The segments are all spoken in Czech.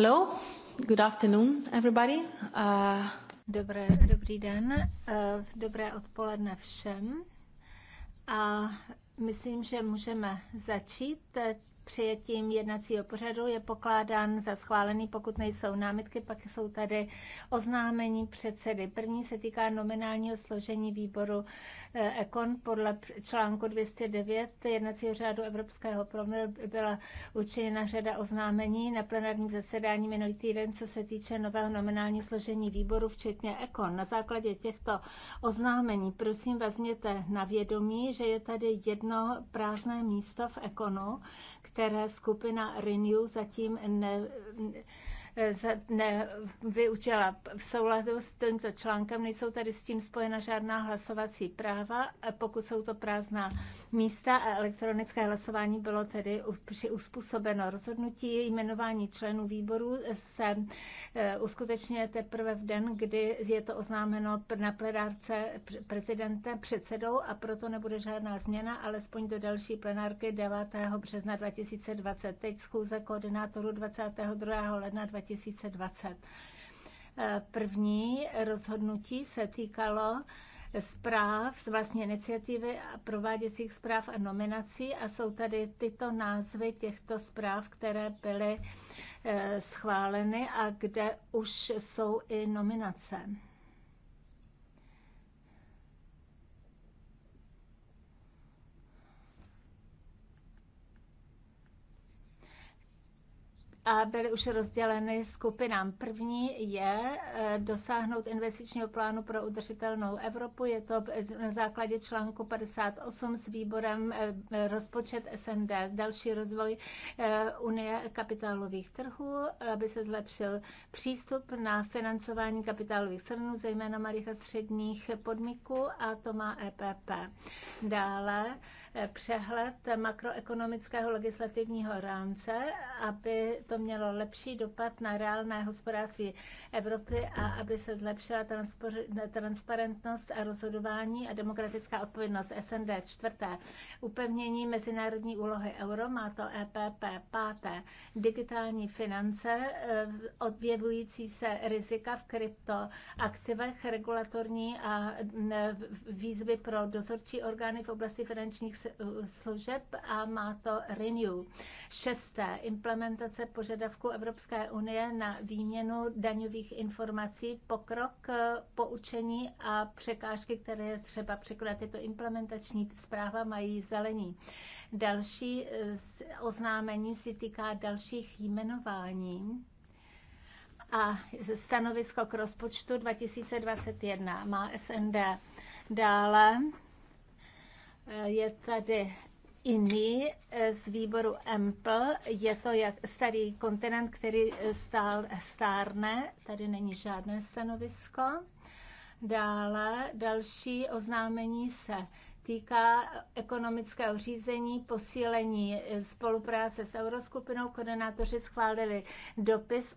Hello, good afternoon everybody. Uh... Dobré, dobrý den, uh, dobré odpoledne všem. A myslím, že můžeme začít přijetím jednacího pořadu je pokládán za schválený, pokud nejsou námitky, pak jsou tady oznámení předsedy. První se týká nominálního složení výboru eh, EKON podle článku 209 jednacího řádu Evropského promilu byla učiněna řada oznámení na plenárním zasedání minulý týden, co se týče nového nominálního složení výboru, včetně EKON. Na základě těchto oznámení prosím vezměte na vědomí, že je tady jedno prázdné místo v EKONu, které skupina Renew zatím ne, Eh, nevyučila. v souladu s tímto článkem. Nejsou tady s tím spojena žádná hlasovací práva, pokud jsou to prázdná místa a elektronické hlasování bylo tedy uspůsobeno. Rozhodnutí jmenování členů výboru se eh, uskutečňuje teprve v den, kdy je to oznámeno na plenárce prezidentem, předsedou a proto nebude žádná změna, alespoň do další plenárky 9. března 2020. Teď schůze koordinátorů 22. ledna 2020 2020. Eh, první rozhodnutí se týkalo zpráv z vlastní iniciativy a prováděcích zpráv a nominací a jsou tady tyto názvy těchto zpráv, které byly eh, schváleny a kde už jsou i nominace. byly už rozděleny skupinám. První je eh, dosáhnout investičního plánu pro udržitelnou Evropu. Je to na základě článku 58 s výborem eh, rozpočet SND, další rozvoj eh, Unie kapitálových trhů, aby se zlepšil přístup na financování kapitálových trhů, zejména malých a středních podniků a to má EPP. Dále Eh, přehled makroekonomického legislativního rámce, aby to mělo lepší dopad na reálné hospodářství Evropy a aby se zlepšila transparentnost a rozhodování a demokratická odpovědnost SND. Čtvrté, upevnění mezinárodní úlohy euro, má to EPP. Páté, digitální finance, eh, odjevující se rizika v kryptoaktivech, regulatorní a mm, eh, výzvy pro dozorčí orgány v oblasti finančních služeb a má to Renew. Šesté, implementace požadavku Evropské unie na výměnu daňových informací, pokrok, eh, poučení a překážky, které je třeba překonat. Je to implementační zpráva, mají zelení. Další eh, oznámení se týká dalších jmenování a stanovisko k rozpočtu 2021 má SND. Dále je tady jiný z výboru EMPL. Je to jak starý kontinent, který stál, stárne. Tady není žádné stanovisko. Dále další oznámení se týká ekonomického řízení, posílení spolupráce s Euroskupinou. Koordinátoři schválili dopis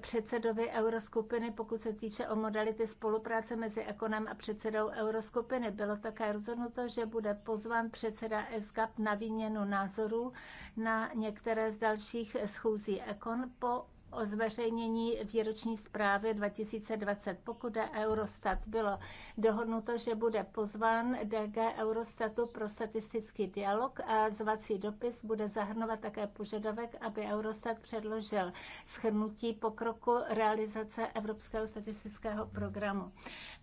předsedovi Euroskupiny, pokud se týče o modality spolupráce mezi ekonem a předsedou Euroskupiny. Bylo také rozhodnuto, že bude pozván předseda ESGAP na výměnu názorů na některé z dalších schůzí ekon po o zveřejnění výroční zprávy 2020. Pokud je Eurostat, bylo dohodnuto, že bude pozván DG Eurostatu pro statistický dialog a zvací dopis bude zahrnovat také požadavek, aby Eurostat předložil schrnutí pokroku realizace Evropského statistického programu.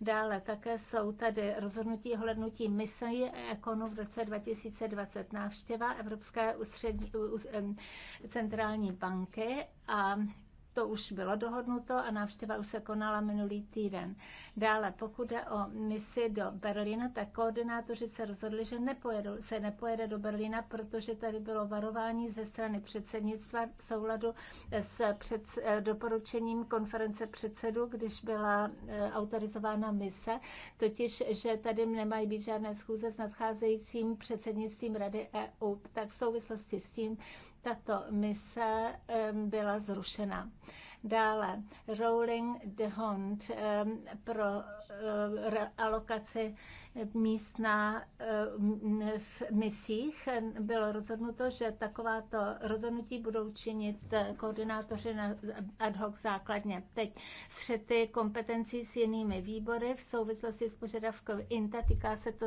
Dále také jsou tady rozhodnutí hlednutí mise Ekonu v roce 2020 návštěva Evropské ústřední, centrální banky a to už bylo dohodnuto a návštěva už se konala minulý týden. Dále, pokud jde o misi do Berlína, tak koordinátoři se rozhodli, že nepojedu, se nepojede do Berlína, protože tady bylo varování ze strany předsednictva v souladu s před, doporučením konference předsedů, když byla e, autorizována mise, totiž, že tady nemají být žádné schůze s nadcházejícím předsednictvím Rady EU. Tak v souvislosti s tím tato mise byla zrušena. Dále Rolling the Hunt pro alokaci míst na v misích. Bylo rozhodnuto, že takováto rozhodnutí budou činit eh, koordinátoři na ad hoc základně. Teď střety kompetencí s jinými výbory v souvislosti s požadavkou INTA, týká se to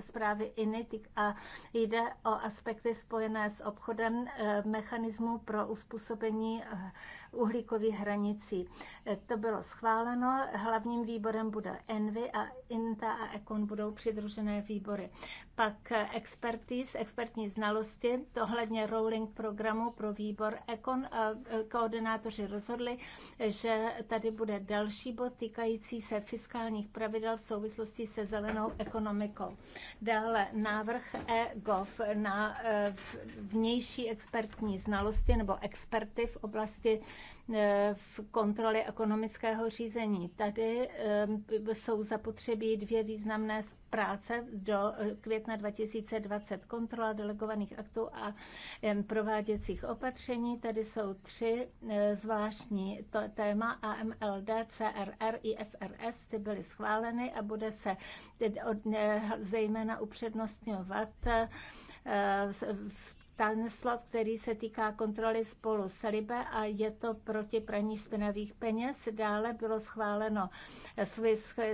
zprávy INIT a jde o aspekty spojené s obchodem eh, mechanismu pro uspůsobení eh, uhlíkových hranicí. Eh, to bylo schváleno, hlavním výborem bude Envy a INTA a ECON budou přidružené výbory. Pak eh, expertise, expertní znalosti, tohledně rolling programu pro výbor ECON. Eh, koordinátoři rozhodli, že tady bude další bod týkající se fiskálních pravidel v souvislosti se zelenou ekonomikou. Dále návrh EGOV na vnější expertní znalosti nebo experty v oblasti Eh, v kontroly ekonomického řízení. Tady eh, jsou zapotřebí dvě významné práce do eh, května 2020. Kontrola delegovaných aktů a prováděcích opatření. Tady jsou tři zvláštní téma AMLD, CRR i FRS. Ty byly schváleny a bude se zejména upřednostňovat v Tanslot, který se týká kontroly spolu s Libe a je to proti praní špinavých peněz. Dále bylo schváleno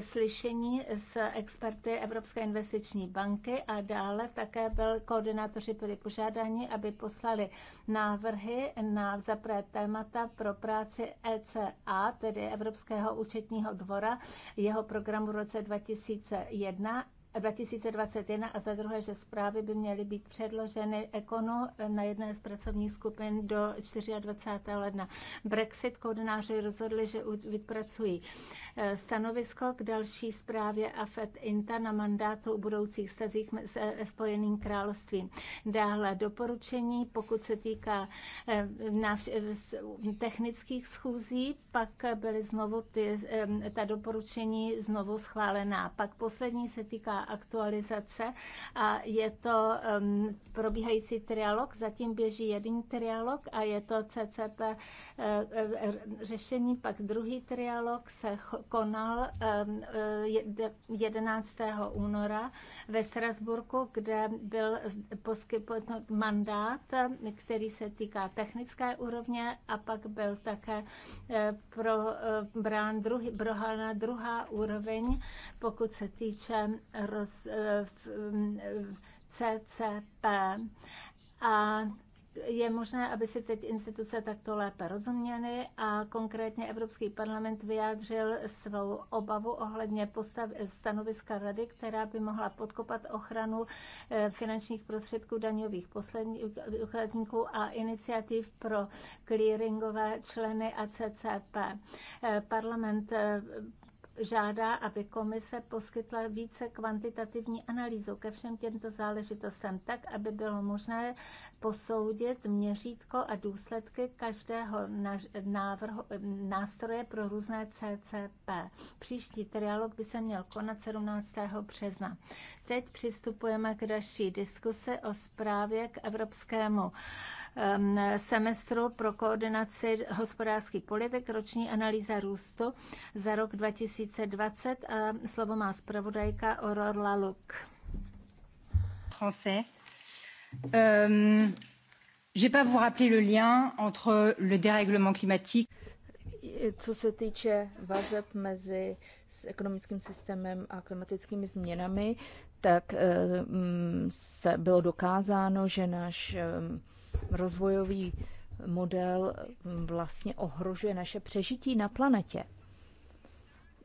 slyšení s experty Evropské investiční banky a dále také byl koordinátoři byli požádáni, aby poslali návrhy na zapré témata pro práci ECA, tedy Evropského účetního dvora, jeho programu v roce 2001 2021 a za druhé, že zprávy by měly být předloženy ekonu na jedné z pracovních skupin do 24. ledna. Brexit koordináři rozhodli, že vypracují Eh, stanovisko k další zprávě AFET INTA na mandátu o budoucích stazích s eh, Spojeným královstvím. Dále doporučení, pokud se týká eh, technických schůzí, pak byly znovu ty, ta doporučení znovu schválená. Pak poslední se týká aktualizace a je to ehm, probíhající trialog, zatím běží jeden trialog a je to CCP řešení, pak druhý trialog se konal 11. února ve Strasburku, kde byl poskytnut mandát, který se týká technické úrovně a pak byl také eh, pro eh, brán druhý, brohána druhá úroveň, pokud se týče roz, eh, CCP. A je možné, aby si teď instituce takto lépe rozuměly a konkrétně Evropský parlament vyjádřil svou obavu ohledně postav, stanoviska rady, která by mohla podkopat ochranu eh, finančních prostředků daňových uchazníků a iniciativ pro clearingové členy ACCP. Eh, parlament eh, žádá, aby komise poskytla více kvantitativní analýzu ke všem těmto záležitostem, tak, aby bylo možné posoudit měřítko a důsledky každého návrhu, nástroje pro různé CCP. Příští trialog by se měl konat 17. března. Teď přistupujeme k další diskusi o zprávě k Evropskému Um, semestru pro koordinaci hospodářských politik, roční analýza růstu za rok 2020 a slovo má zpravodajka Aurora Laluk. Français. Um, j'ai pas vous rappeler le lien entre le dérèglement climatique co se týče vazeb mezi ekonomickým systémem a klimatickými změnami, tak eh, mm, se bylo dokázáno, že náš eh, rozvojový model vlastně ohrožuje naše přežití na planetě.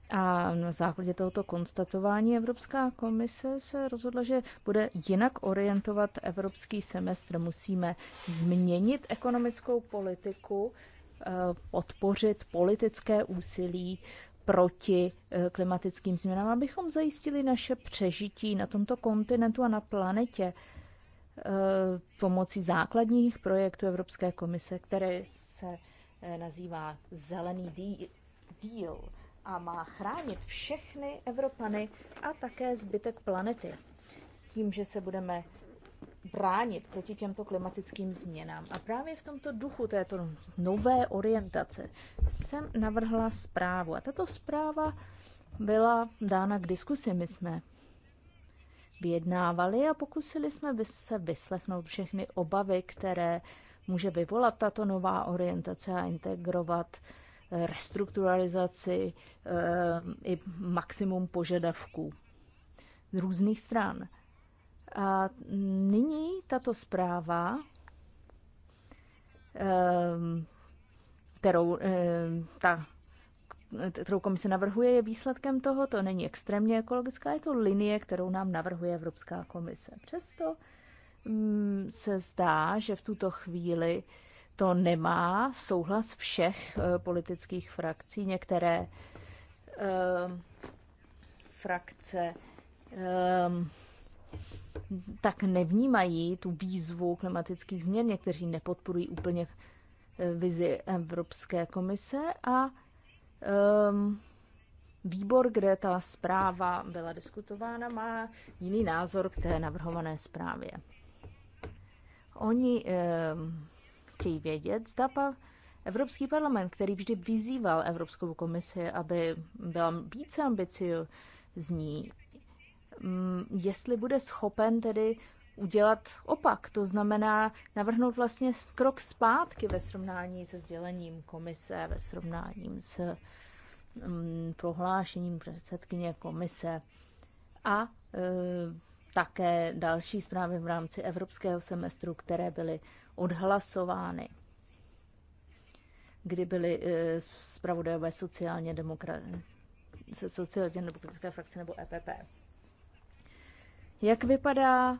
A na základě tohoto konstatování Evropská komise se rozhodla, že bude jinak orientovat evropský semestr. Musíme změnit ekonomickou politiku, eh, podpořit politické úsilí proti eh, klimatickým změnám, abychom zajistili naše přežití na tomto kontinentu a na planetě. Eh, pomocí základních projektů Evropské komise, které se eh, nazývá Zelený díl a má chránit všechny Evropany a také zbytek planety. Tím, že se budeme bránit proti těmto klimatickým změnám. A právě v tomto duchu této nové orientace jsem navrhla zprávu. A tato zpráva byla dána k diskusi. My jsme vyjednávali a pokusili jsme se vyslechnout všechny obavy, které může vyvolat tato nová orientace a integrovat eh, restrukturalizaci eh, i maximum požadavků z různých stran. A nyní tato zpráva, eh, kterou ta kterou komise navrhuje, je výsledkem toho. To není extrémně ekologická, je to linie, kterou nám navrhuje Evropská komise. Přesto mm, se zdá, že v tuto chvíli to nemá souhlas všech eh, politických frakcí. Některé eh, frakce eh, tak nevnímají tu výzvu klimatických změn, někteří nepodporují úplně eh, vizi Evropské komise a um, výbor, kde ta zpráva byla diskutována, má jiný názor k té navrhované zprávě. Oni um, chtějí vědět, zda pa Evropský parlament, který vždy vyzýval Evropskou komisi, aby byla více ambiciozní, mm, jestli bude schopen tedy udělat opak. To znamená navrhnout vlastně krok zpátky ve srovnání se sdělením komise, ve srovnání s um, prohlášením předsedkyně komise a e, také další zprávy v rámci evropského semestru, které byly odhlasovány, kdy byly e, zpravodajové sociálně demokra- sociálně demokratické frakce nebo EPP. Jak vypadá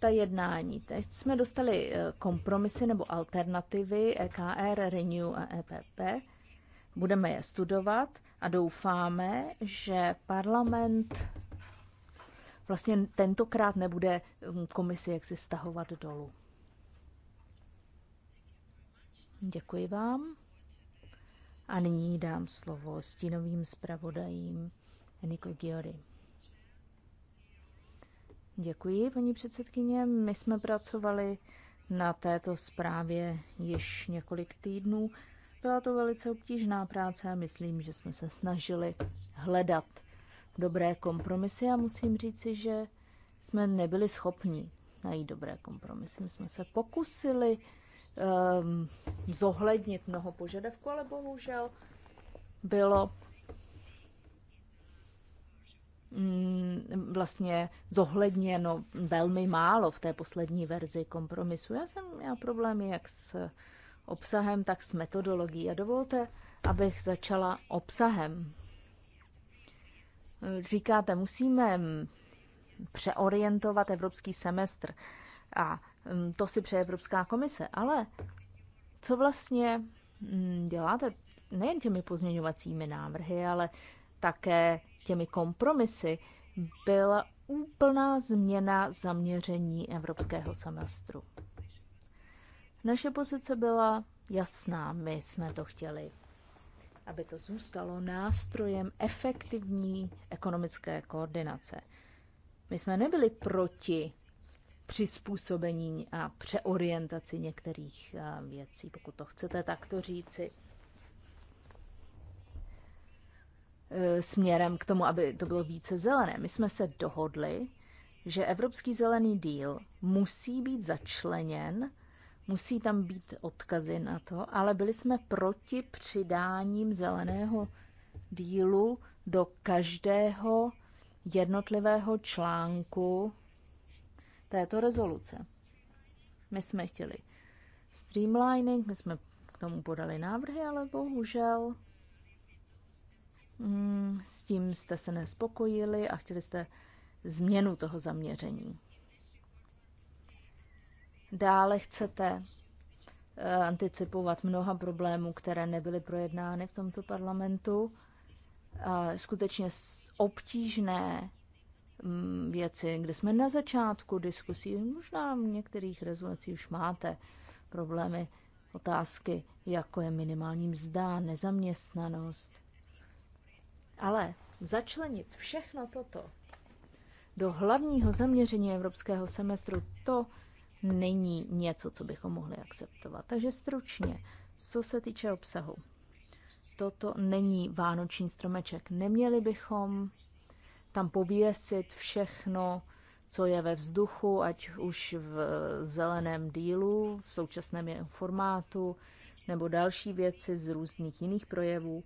ta jednání. Teď jsme dostali eh, kompromisy nebo alternativy EKR, Renew a EPP. Budeme je studovat a doufáme, že parlament vlastně tentokrát nebude hm, komisi jaksi stahovat dolů. Děkuji vám. A nyní dám slovo stínovým zpravodajím Eniko Giorim. Děkuji, paní předsedkyně. My jsme pracovali na této zprávě již několik týdnů. Byla to velice obtížná práce a myslím, že jsme se snažili hledat dobré kompromisy a musím říci, že jsme nebyli schopni najít dobré kompromisy. My jsme se pokusili um, zohlednit mnoho požadavků, ale bohužel bylo Mm, vlastně zohledněno velmi málo v té poslední verzi kompromisu. Já jsem měla problémy jak s obsahem, tak s metodologií. A dovolte, abych začala obsahem. Říkáte, musíme přeorientovat evropský semestr. A mm, to si přeje Evropská komise. Ale co vlastně mm, děláte nejen těmi pozměňovacími návrhy, ale také těmi kompromisy byla úplná změna zaměření evropského semestru. Naše pozice byla jasná, my jsme to chtěli, aby to zůstalo nástrojem efektivní ekonomické koordinace. My jsme nebyli proti přizpůsobení a přeorientaci některých eh, věcí, pokud to chcete takto říci. E, směrem k tomu, aby to bylo více zelené. My jsme se dohodli, že Evropský zelený díl musí být začleněn, musí tam být odkazy na to, ale byli jsme proti přidáním zeleného dílu do každého jednotlivého článku této rezoluce. My jsme chtěli streamlining, my jsme k tomu podali návrhy, ale bohužel Mm, s tím jste se nespokojili a chtěli jste změnu toho zaměření. Dále chcete eh, anticipovat mnoha problémů, které nebyly projednány v tomto parlamentu. Skutečně obtížné mm, věci, kde jsme na začátku diskusí, možná v některých rezolucích už máte problémy, otázky, jako je minimální mzda, nezaměstnanost, ale začlenit všechno toto do hlavního zaměření evropského semestru, to není něco, co bychom mohli akceptovat. Takže stručně, co se týče obsahu, toto není vánoční stromeček. Neměli bychom tam pověsit všechno, co je ve vzduchu, ať už v zeleném dílu, v současném formátu, nebo další věci z různých jiných projevů.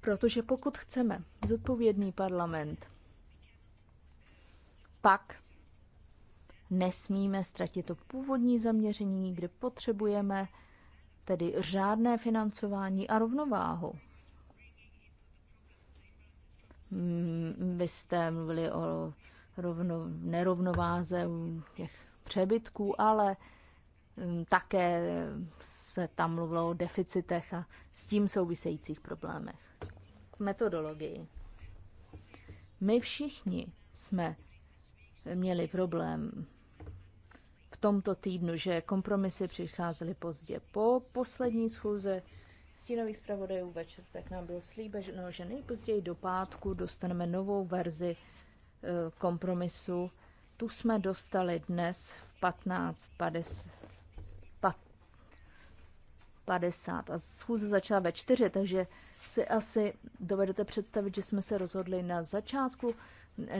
Protože pokud chceme zodpovědný parlament, pak nesmíme ztratit to původní zaměření, kde potřebujeme tedy řádné financování a rovnováhu. Mm, vy jste mluvili o rovno, nerovnováze těch přebytků, ale mm, také se tam mluvilo o deficitech a s tím souvisejících problémech metodologii. My všichni jsme měli problém v tomto týdnu, že kompromisy přicházely pozdě. Po poslední schůze stínových zpravodajů ve čtvrtek nám bylo slíbeno, že nejpozději do pátku dostaneme novou verzi e, kompromisu. Tu jsme dostali dnes v 15.50 50 a schůze začala ve 4, takže si asi dovedete představit, že jsme se rozhodli na začátku,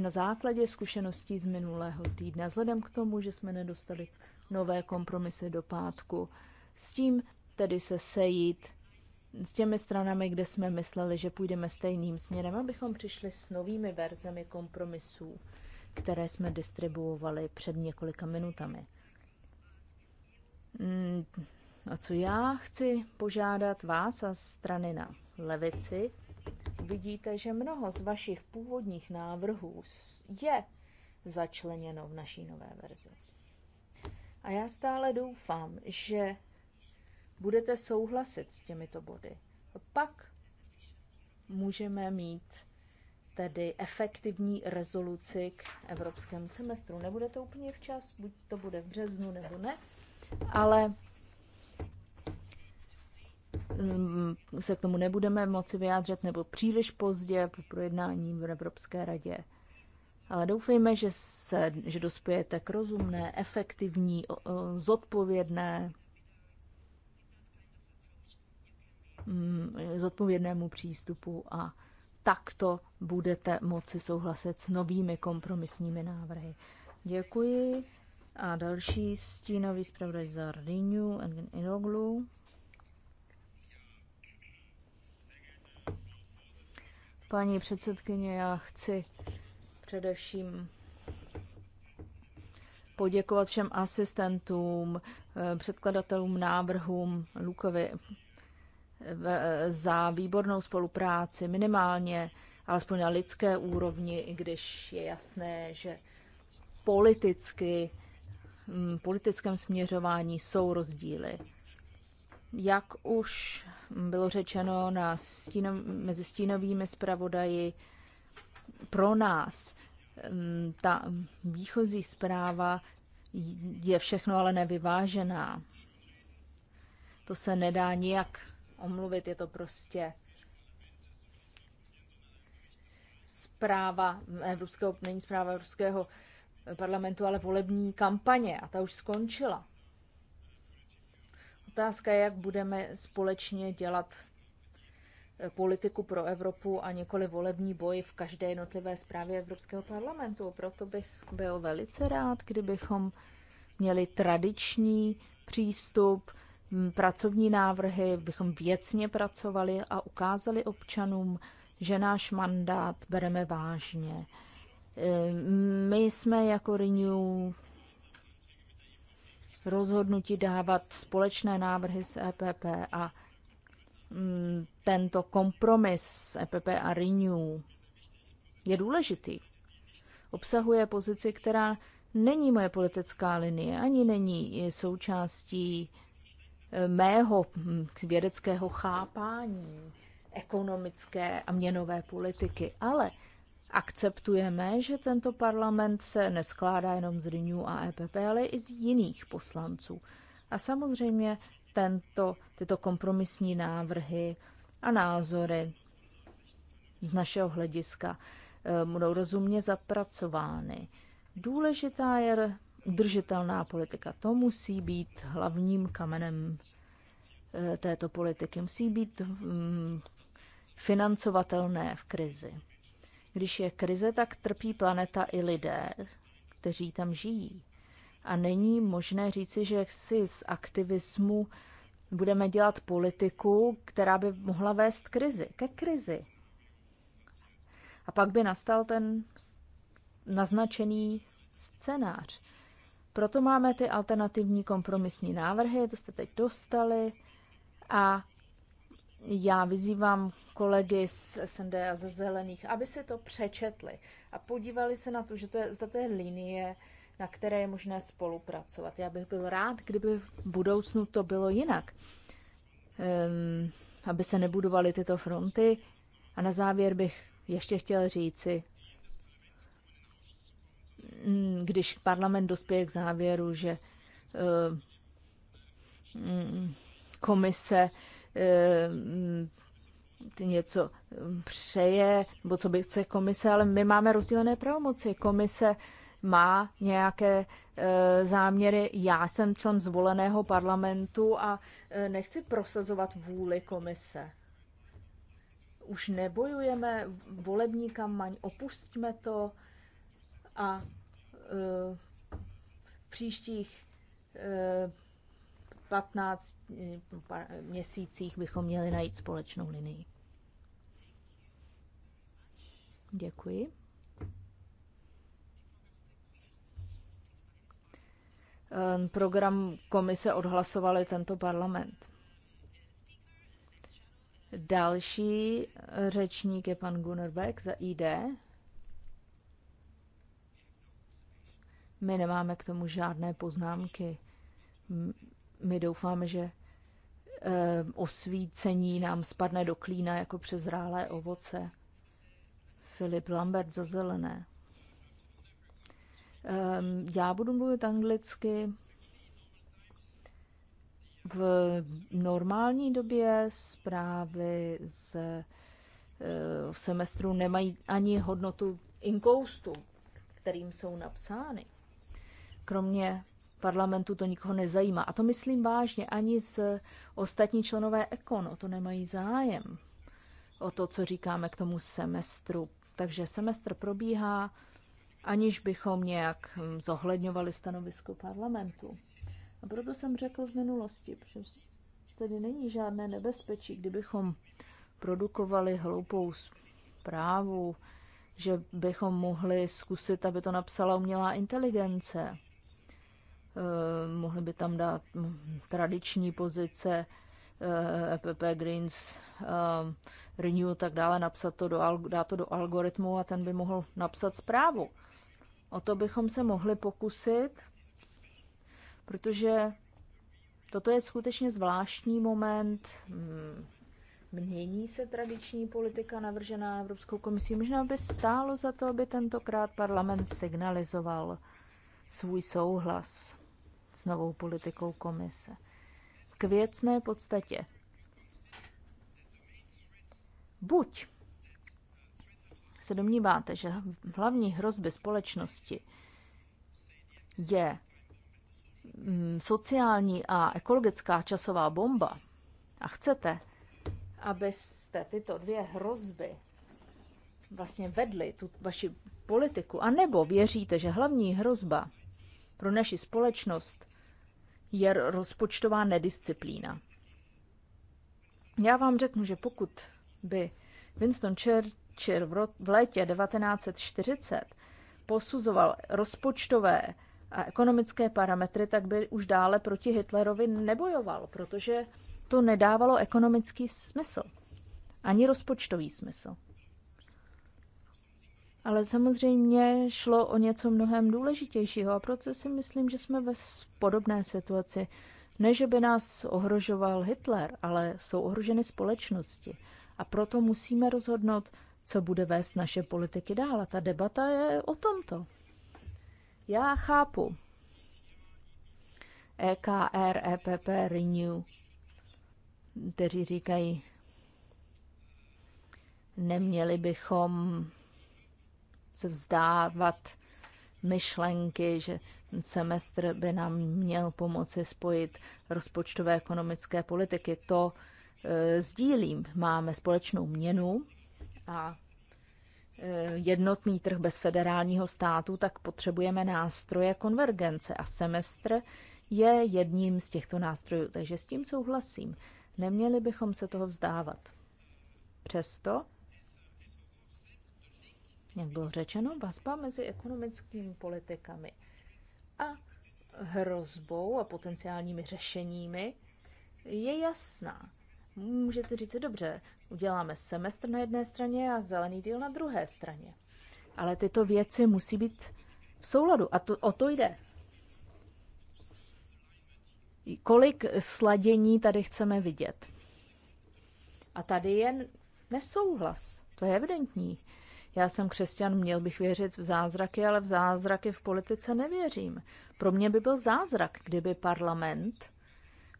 na základě zkušeností z minulého týdne, vzhledem k tomu, že jsme nedostali nové kompromisy do pátku. S tím tedy se sejít s těmi stranami, kde jsme mysleli, že půjdeme stejným směrem, abychom přišli s novými verzemi kompromisů, které jsme distribuovali před několika minutami hmm, a co já chci požádat vás a strany na levici, vidíte, že mnoho z vašich původních návrhů je začleněno v naší nové verzi. A já stále doufám, že budete souhlasit s těmito body. Pak můžeme mít tedy efektivní rezoluci k evropskému semestru. Nebude to úplně včas, buď to bude v březnu nebo ne, ale Mm, se k tomu nebudeme moci vyjádřit nebo příliš pozdě po projednání v Evropské radě. Ale doufejme, že, se, že dospějete k rozumné, efektivní, zodpovědné, mm, zodpovědnému přístupu a takto budete moci souhlasit s novými kompromisními návrhy. Děkuji. A další stínový zpravodaj za Rinu Engen Inoglu. Paní předsedkyně, já chci především poděkovat všem asistentům, eh, předkladatelům návrhům Lukovi eh, eh, za výbornou spolupráci, minimálně alespoň na lidské úrovni, i když je jasné, že politicky, mm, politickém směřování jsou rozdíly. Jak už bylo řečeno na stínov, mezi stínovými zpravodaji, pro nás mm, ta výchozí zpráva je všechno ale nevyvážená. To se nedá nijak omluvit, je to prostě zpráva Evropského, není zpráva Evropského parlamentu, ale volební kampaně a ta už skončila. Otázka je, jak budeme společně dělat eh, politiku pro Evropu a nikoli volební boj v každé jednotlivé zprávě Evropského parlamentu. Proto bych byl velice rád, kdybychom měli tradiční přístup, mm, pracovní návrhy, bychom věcně pracovali a ukázali občanům, že náš mandát bereme vážně. Eh, my jsme jako Renew rozhodnutí dávat společné návrhy s EPP a mm, tento kompromis s EPP a Renew je důležitý. Obsahuje pozici, která není moje politická linie, ani není součástí eh, mého hm, vědeckého chápání ekonomické a měnové politiky, ale akceptujeme, že tento parlament se neskládá jenom z Renew a EPP, ale i z jiných poslanců. A samozřejmě tento, tyto kompromisní návrhy a názory z našeho hlediska eh, budou rozumně zapracovány. Důležitá je udržitelná politika. To musí být hlavním kamenem eh, této politiky. Musí být mm, financovatelné v krizi. Když je krize, tak trpí planeta i lidé, kteří tam žijí. A není možné říci, že si z aktivismu budeme dělat politiku, která by mohla vést krizi, ke krizi. A pak by nastal ten naznačený scénář. Proto máme ty alternativní kompromisní návrhy, to jste teď dostali, a já vyzývám kolegy z SND a ze Zelených, aby si to přečetli a podívali se na to, že to je, zda to je linie, na které je možné spolupracovat. Já bych byl rád, kdyby v budoucnu to bylo jinak, um, aby se nebudovaly tyto fronty. A na závěr bych ještě chtěl říci, mm, když parlament dospěje k závěru, že um, komise uh, Eh, něco přeje, nebo co by chce komise, ale my máme rozdílené pravomoci. Komise má nějaké e, záměry. Já jsem člen zvoleného parlamentu a e, nechci prosazovat vůli komise. Už nebojujeme volební kampaň, opustíme to a e, v příštích 15 eh, měsících bychom měli najít společnou linii. Děkuji. Ehm, program komise odhlasovali tento parlament. Další eh, řečník je pan Gunnar Beck za ID. My nemáme k tomu žádné poznámky my doufáme, že eh, osvícení nám spadne do klína jako přezrálé ovoce. Filip Lambert za zelené. Ehm, já budu mluvit anglicky. V normální době zprávy z eh, semestru nemají ani hodnotu inkoustu, kterým jsou napsány. Kromě parlamentu to nikoho nezajímá. A to myslím vážně, ani z ostatní členové ekon o to nemají zájem, o to, co říkáme k tomu semestru. Takže semestr probíhá, aniž bychom nějak hm, zohledňovali stanovisko parlamentu. A proto jsem řekl v minulosti, že tady není žádné nebezpečí, kdybychom produkovali hloupou zprávu, že bychom mohli zkusit, aby to napsala umělá inteligence Eh, mohli by tam dát tradiční pozice, EPP eh, Greens, eh, Renew tak dále, napsat to do, dát to do algoritmu a ten by mohl napsat zprávu. O to bychom se mohli pokusit, protože toto je skutečně zvláštní moment. Hmm, mění se tradiční politika navržená Evropskou komisí. Možná by stálo za to, aby tentokrát parlament signalizoval svůj souhlas s novou politikou komise. K věcné podstatě. Buď se domníváte, že hlavní hrozby společnosti je mm, sociální a ekologická časová bomba a chcete, abyste tyto dvě hrozby vlastně vedly tu vaši politiku, anebo věříte, že hlavní hrozba pro naši společnost je rozpočtová nedisciplína. Já vám řeknu, že pokud by Winston Churchill v létě 1940 posuzoval rozpočtové a ekonomické parametry, tak by už dále proti Hitlerovi nebojoval, protože to nedávalo ekonomický smysl, ani rozpočtový smysl. Ale samozřejmě šlo o něco mnohem důležitějšího a proto si myslím, že jsme ve podobné situaci. Ne, že by nás ohrožoval Hitler, ale jsou ohroženy společnosti. A proto musíme rozhodnout, co bude vést naše politiky dál. A ta debata je o tomto. Já chápu. EKR, EPP, Renew, kteří říkají, neměli bychom se vzdávat myšlenky, že semestr by nám měl pomoci spojit rozpočtové ekonomické politiky. To e, sdílím. Máme společnou měnu a e, jednotný trh bez federálního státu, tak potřebujeme nástroje konvergence a semestr je jedním z těchto nástrojů, takže s tím souhlasím. Neměli bychom se toho vzdávat. Přesto jak bylo řečeno, vazba mezi ekonomickými politikami a hrozbou a potenciálními řešeními je jasná. Můžete říct, dobře, uděláme semestr na jedné straně a zelený díl na druhé straně. Ale tyto věci musí být v souladu a to, o to jde. Kolik sladění tady chceme vidět? A tady je nesouhlas, to je evidentní. Já jsem křesťan, měl bych věřit v zázraky, ale v zázraky v politice nevěřím. Pro mě by byl zázrak, kdyby parlament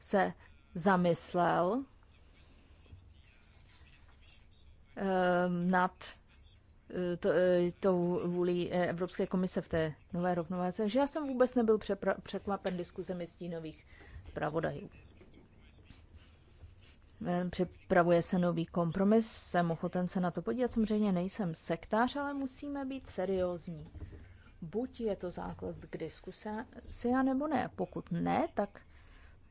se zamyslel ehm, nad e, to, e, tou vůlí e, Evropské komise v té nové rovnováze, že já jsem vůbec nebyl překvapen diskuzemi stínových zpravodajů. Připravuje se nový kompromis, jsem ochoten se na to podívat. Samozřejmě nejsem sektář, ale musíme být seriózní. Buď je to základ k diskusi, nebo ne. Pokud ne, tak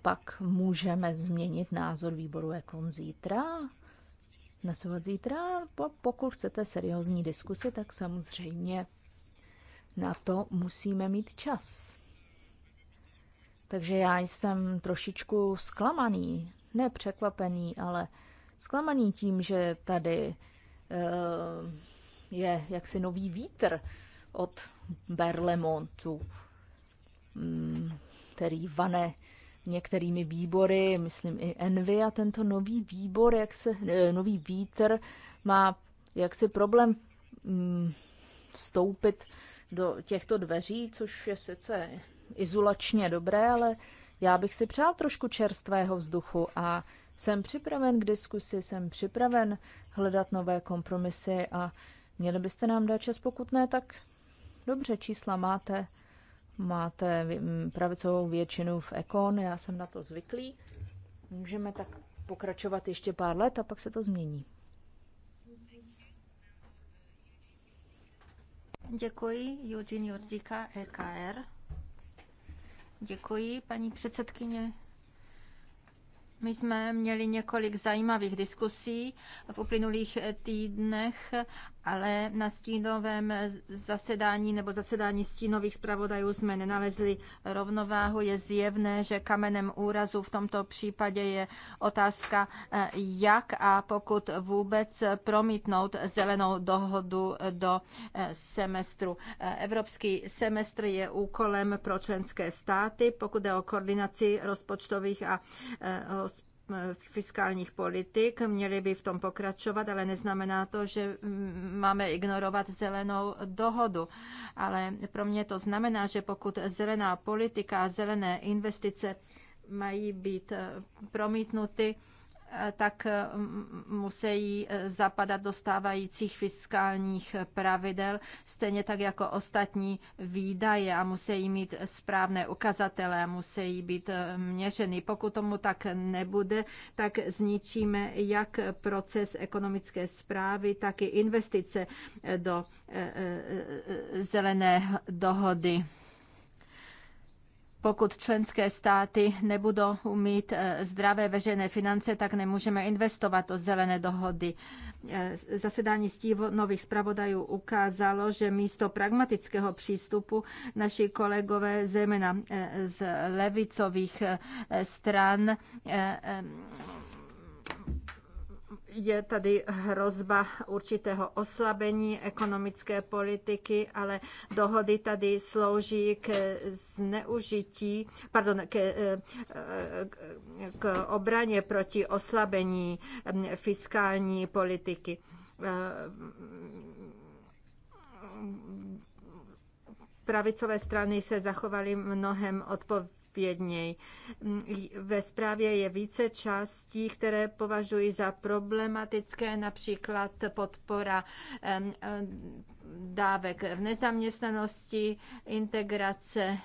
pak můžeme změnit názor výboru Ekon zítra, nasovat zítra. Pokud chcete seriózní diskusy, tak samozřejmě na to musíme mít čas. Takže já jsem trošičku zklamaný ne překvapený, ale zklamaný tím, že tady eh, je jaksi nový vítr od Berlemontu, mm, který vane některými výbory, myslím i Envy, a tento nový výbor, jak se, eh, nový vítr má jaksi problém mm, vstoupit do těchto dveří, což je sice izolačně dobré, ale já bych si přál trošku čerstvého vzduchu a jsem připraven k diskusi, jsem připraven hledat nové kompromisy a měli byste nám dát čas, pokud ne, tak dobře, čísla máte, máte pravicovou většinu v Ekon, já jsem na to zvyklý. Můžeme tak pokračovat ještě pár let a pak se to změní. Děkuji, Eugene zika EKR. Děkuji, paní předsedkyně. My jsme měli několik zajímavých diskusí v uplynulých týdnech ale na stínovém zasedání nebo zasedání stínových zpravodajů jsme nenalezli rovnováhu. Je zjevné, že kamenem úrazu v tomto případě je otázka, eh, jak a pokud vůbec promítnout zelenou dohodu do eh, semestru. Eh, evropský semestr je úkolem pro členské státy, pokud je o koordinaci rozpočtových a Eh, fiskálních politik. Měli by v tom pokračovat, ale neznamená to, že mm, máme ignorovat zelenou dohodu. Ale pro mě to znamená, že pokud zelená politika a zelené investice mají být eh, promítnuty tak eh, musí eh, zapadat do stávajících fiskálních pravidel, stejně tak jako ostatní výdaje a musí mít správné ukazatele, musí být eh, měřeny. Pokud tomu tak nebude, tak zničíme jak proces ekonomické zprávy, tak i investice do zelené dohody pokud členské státy nebudou mít eh, zdravé veřejné finance, tak nemůžeme investovat do zelené dohody. Eh, zasedání nových zpravodajů ukázalo, že místo pragmatického přístupu naši kolegové, zejména eh, z levicových stran, je tady hrozba určitého oslabení ekonomické politiky, ale dohody tady slouží k zneužití, pardon, k, k obraně proti oslabení fiskální politiky pravicové strany se zachovaly mnohem odpovědněji zodpovědněji. Ve zprávě je více částí, které považuji za problematické, například podpora dávek v nezaměstnanosti, integrace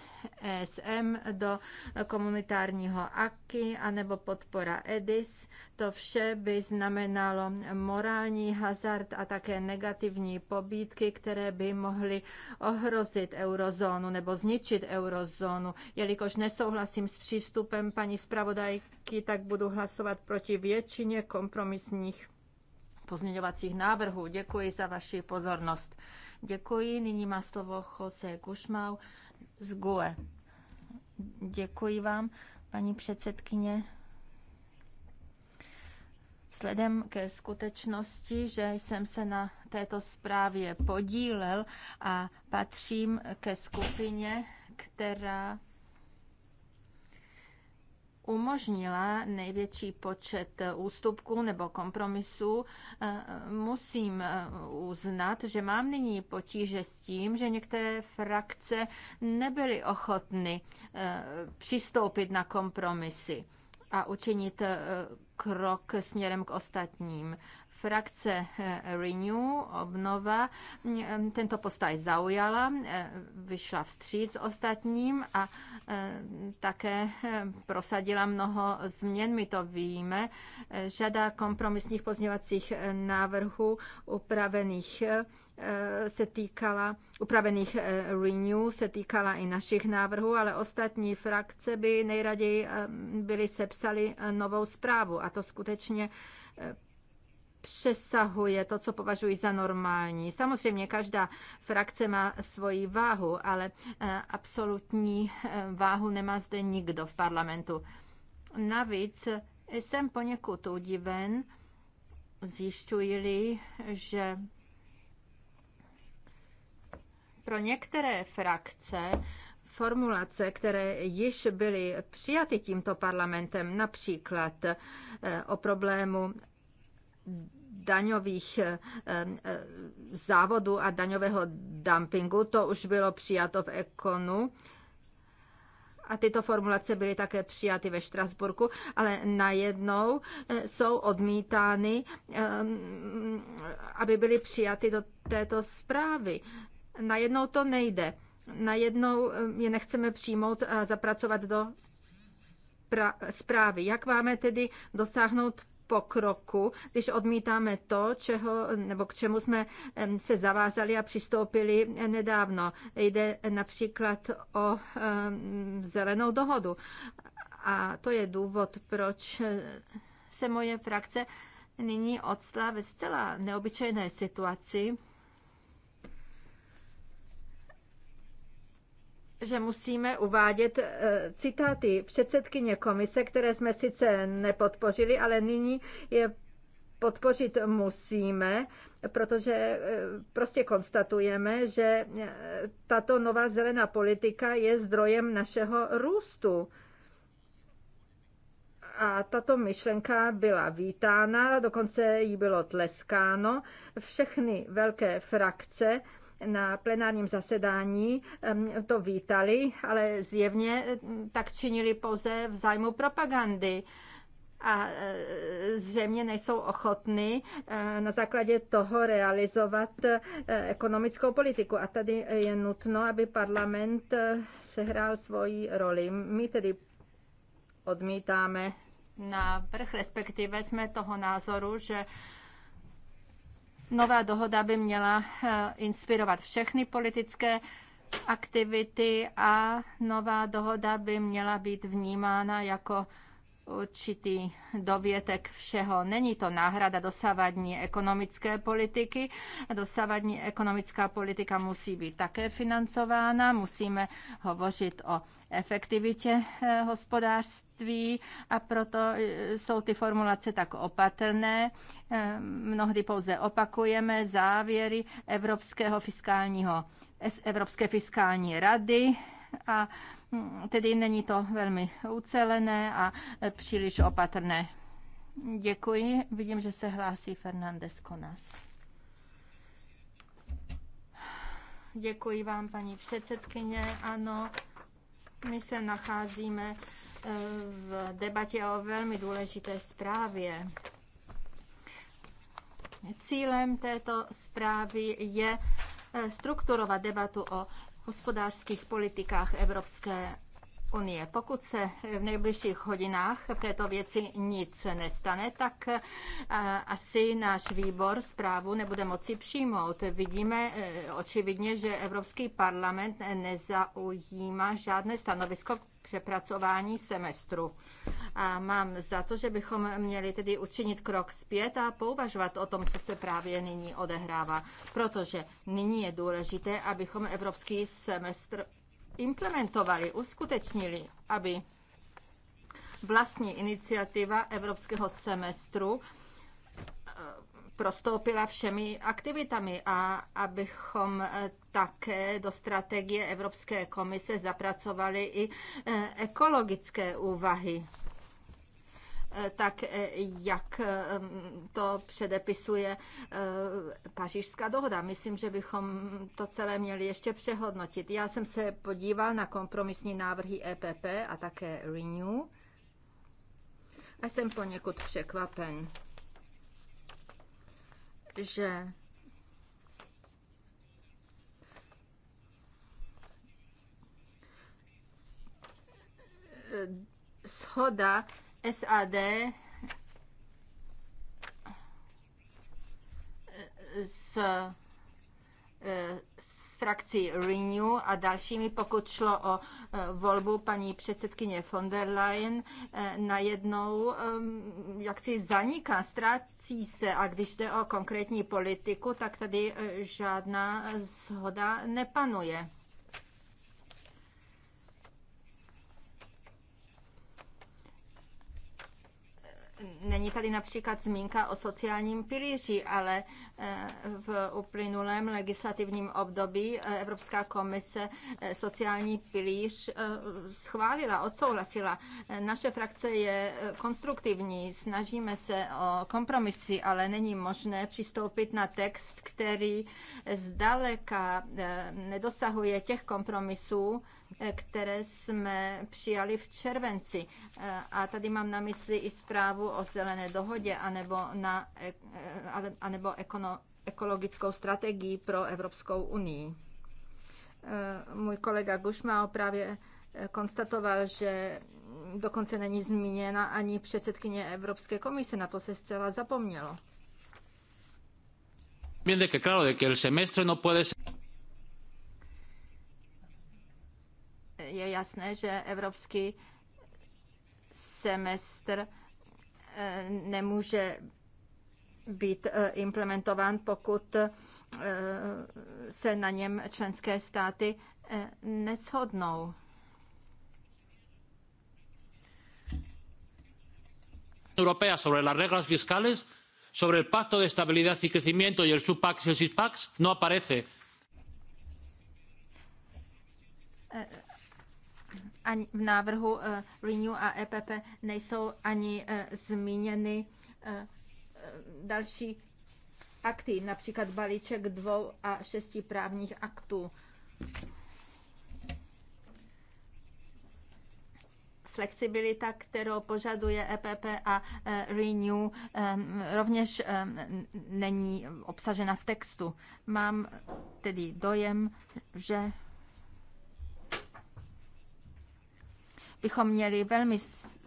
ESM do komunitárního AKI anebo podpora EDIS. To vše by znamenalo morální hazard a také negativní pobídky, které by mohly ohrozit eurozónu nebo zničit eurozónu. Jelikož nesouhlasím s přístupem paní zpravodajky, tak budu hlasovat proti většině kompromisních pozměňovacích návrhů. Děkuji za vaši pozornost. Děkuji. Nyní má slovo Jose Kušmau z GUE. Děkuji vám, paní předsedkyně. Vzhledem ke skutečnosti, že jsem se na této zprávě podílel a patřím ke skupině, která umožnila největší počet ústupků nebo kompromisů, eh, musím eh, uznat, že mám nyní potíže s tím, že některé frakce nebyly ochotny eh, přistoupit na kompromisy a učinit krok směrem k ostatním frakce eh, Renew, obnova, hm, tento postaj zaujala, eh, vyšla vstříc ostatním a eh, také prosadila mnoho změn, my to víme. Řada kompromisních pozměvacích návrhů upravených se týkala, upravených Renew se týkala i našich návrhů, ale ostatní frakce by nejraději byly sepsali novou zprávu a to skutečně přesahuje to, co považuji za normální. Samozřejmě každá frakce má svoji váhu, ale eh, absolutní eh, váhu nemá zde nikdo v parlamentu. Navíc jsem poněkud udiven, zjišťuji, že pro některé frakce formulace, které již byly přijaty tímto parlamentem, například eh, o problému daňových eh, eh, závodů a daňového dumpingu. To už bylo přijato v Ekonu. A tyto formulace byly také přijaty ve Štrasburku, ale najednou eh, jsou odmítány, aby byly přijaty do této zprávy. Najednou to nejde. Najednou je nechceme přijmout a zapracovat do zprávy. Jak máme tedy dosáhnout pokroku, když odmítáme to, čeho, nebo k čemu jsme se zavázali a přistoupili nedávno. Jde například o zelenou dohodu. A to je důvod, proč se moje frakce nyní odstala ve zcela neobyčejné situaci, že musíme uvádět eh, citáty předsedkyně komise, které jsme sice nepodpořili, ale nyní je podpořit musíme, protože eh, prostě konstatujeme, že eh, tato nová zelená politika je zdrojem našeho růstu. A tato myšlenka byla vítána, dokonce jí bylo tleskáno. Všechny velké frakce na plenárním zasedání to vítali, ale zjevně tak činili pouze v zájmu propagandy a e, zřejmě nejsou ochotny e, na základě toho realizovat e, ekonomickou politiku. A tady je nutno, aby parlament sehrál svoji roli. My tedy odmítáme návrh, respektive jsme toho názoru, že Nová dohoda by měla eh, inspirovat všechny politické aktivity a nová dohoda by měla být vnímána jako určitý dovětek všeho. Není to náhrada dosavadní ekonomické politiky. Dosavadní ekonomická politika musí být také financována. Musíme hovořit o efektivitě eh, hospodářství a proto eh, jsou ty formulace tak opatrné. Eh, mnohdy pouze opakujeme závěry Evropského fiskálního, Evropské fiskální rady, a mm, tedy není to velmi ucelené a příliš opatrné. Děkuji. Vidím, že se hlásí Fernández Konas. Děkuji vám, paní předsedkyně. Ano, my se nacházíme eh, v debatě o velmi důležité zprávě. Cílem této zprávy je eh, strukturovat debatu o hospodářských politikách Evropské unie. Pokud se v nejbližších hodinách v této věci nic nestane, tak eh, asi náš výbor zprávu nebude moci přijmout. Vidíme eh, očividně, že Evropský parlament nezaujímá žádné stanovisko k přepracování semestru. A mám za to, že bychom měli tedy učinit krok zpět a pouvažovat o tom, co se právě nyní odehrává, protože nyní je důležité, abychom evropský semestr implementovali, uskutečnili, aby vlastní iniciativa evropského semestru prostoupila všemi aktivitami a abychom eh, také do strategie Evropské komise zapracovali i eh, ekologické úvahy eh, tak jak ehm, to předepisuje pařížská dohoda. Myslím, že bychom to celé měli ještě přehodnotit. Já jsem se podíval na kompromisní návrhy EPP a také Renew a jsem poněkud překvapen že shoda SAD s, s eh, frakcí Renew a dalšími, pokud šlo o e, volbu paní předsedkyně von der Leyen, e, najednou jaksi zaniká, ztrácí se a když jde o konkrétní politiku, tak tady e, žádná shoda nepanuje. Není tady například zmínka o sociálním pilíři, ale eh, v uplynulém legislativním období eh, Evropská komise eh, sociální pilíř schválila, odsouhlasila. Naše frakce je konstruktivní, snažíme se o kompromisy, ale není možné přistoupit na text, který zdaleka nedosahuje těch kompromisů, které jsme přijali v červenci. A tady mám na mysli i zprávu o zelené zelené dohodě anebo, na, e, e, anebo ekono, ekologickou strategii pro Evropskou unii. E, můj kolega Gušma právě konstatoval, že dokonce není zmíněna ani předsedkyně Evropské komise, na to se zcela zapomnělo. que claro, de que el semestre no Je jasné, že evropský semestr nemůže být eh, implementován, pokud eh, se na něm členské státy eh, neshodnou. Europea sobre las reglas fiscales, sobre el Pacto de Estabilidad y Crecimiento y el subpax y el SISPAX no aparece ani v návrhu eh, Renew a EPP nejsou ani eh, zmíněny eh, další akty, například balíček dvou a šesti právních aktů. Flexibilita, kterou požaduje EPP a Renew, ehm, rovněž ehm, není obsažena v textu. Mám tedy dojem, že bychom měli velmi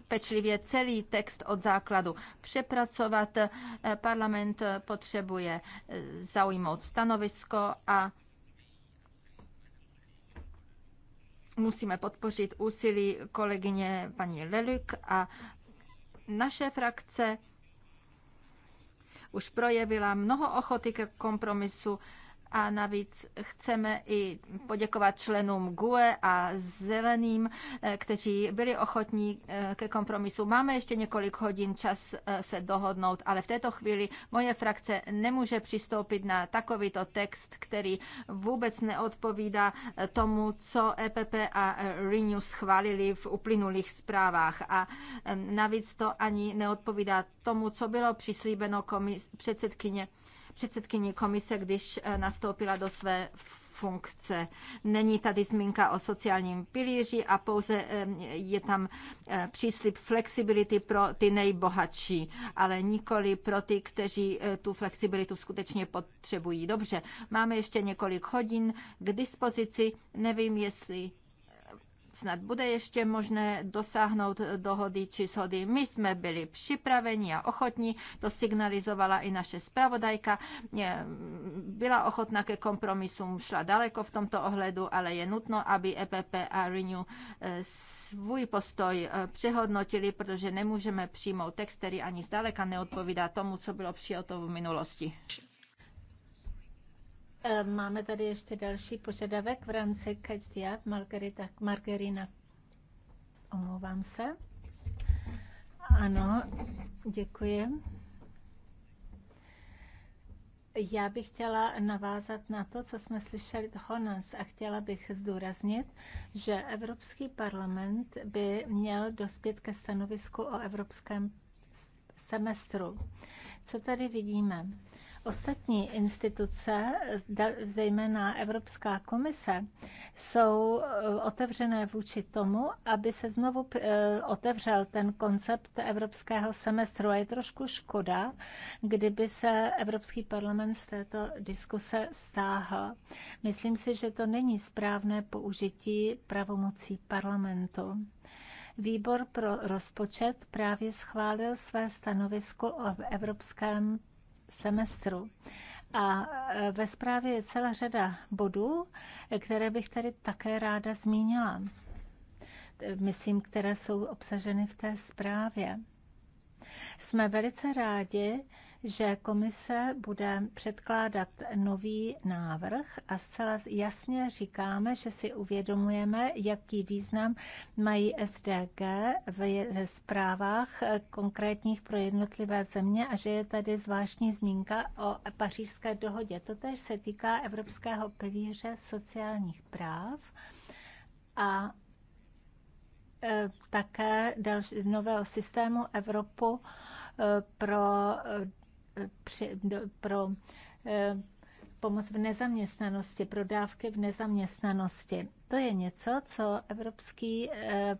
pečlivě celý text od základu přepracovat. Eh, Parlament eh, potřebuje eh, zaujmout stanovisko a musíme podpořit úsilí kolegyně paní Leluk a naše frakce už projevila mnoho ochoty ke kompromisu a navíc chceme i poděkovat členům GUE a zeleným, eh, kteří byli ochotní eh, ke kompromisu. Máme ještě několik hodin čas eh, se dohodnout, ale v této chvíli moje frakce nemůže přistoupit na takovýto text, který vůbec neodpovídá tomu, co EPP a Renew schválili v uplynulých zprávách. A navíc to ani neodpovídá tomu, co bylo přislíbeno komis- předsedkyně předsedkyní komise, když eh, nastoupila do své funkce. Není tady zmínka o sociálním pilíři a pouze je tam eh, příslip flexibility pro ty nejbohatší, ale nikoli pro ty, kteří eh, tu flexibilitu skutečně potřebují. Dobře, máme ještě několik hodin k dispozici. Nevím, jestli snad bude ještě možné dosáhnout dohody či shody. My jsme byli připraveni a ochotní, to signalizovala i naše zpravodajka. Byla ochotná ke kompromisům, šla daleko v tomto ohledu, ale je nutno, aby EPP a Renew e, svůj postoj e, přehodnotili, protože nemůžeme přijmout text, který ani zdaleka neodpovídá tomu, co bylo přijato v minulosti. Eh, máme tady ještě další požadavek v rámci Kajstia Margarita, Margarina. Omlouvám se. Ano, děkuji. Já bych chtěla navázat na to, co jsme slyšeli od Honas a chtěla bych zdůraznit, že Evropský parlament by měl dospět ke stanovisku o evropském semestru. Co tady vidíme? ostatní instituce, zejména Evropská komise, jsou eh, otevřené vůči tomu, aby se znovu eh, otevřel ten koncept evropského semestru. A je trošku škoda, kdyby se Evropský parlament z této diskuse stáhl. Myslím si, že to není správné použití pravomocí parlamentu. Výbor pro rozpočet právě schválil své stanovisko o evropském semestru. A e, ve zprávě je celá řada bodů, které bych tady také ráda zmínila. E, myslím, které jsou obsaženy v té zprávě. Jsme velice rádi, že komise bude předkládat nový návrh a zcela jasně říkáme, že si uvědomujeme, jaký význam mají SDG v zprávách konkrétních pro jednotlivé země a že je tady zvláštní zmínka o pařížské dohodě. Totež se týká Evropského pilíře sociálních práv a e, také další, nového systému Evropu e, pro e, při, do, pro eh, pomoc v nezaměstnanosti, pro dávky v nezaměstnanosti. To je něco, co Evropský eh,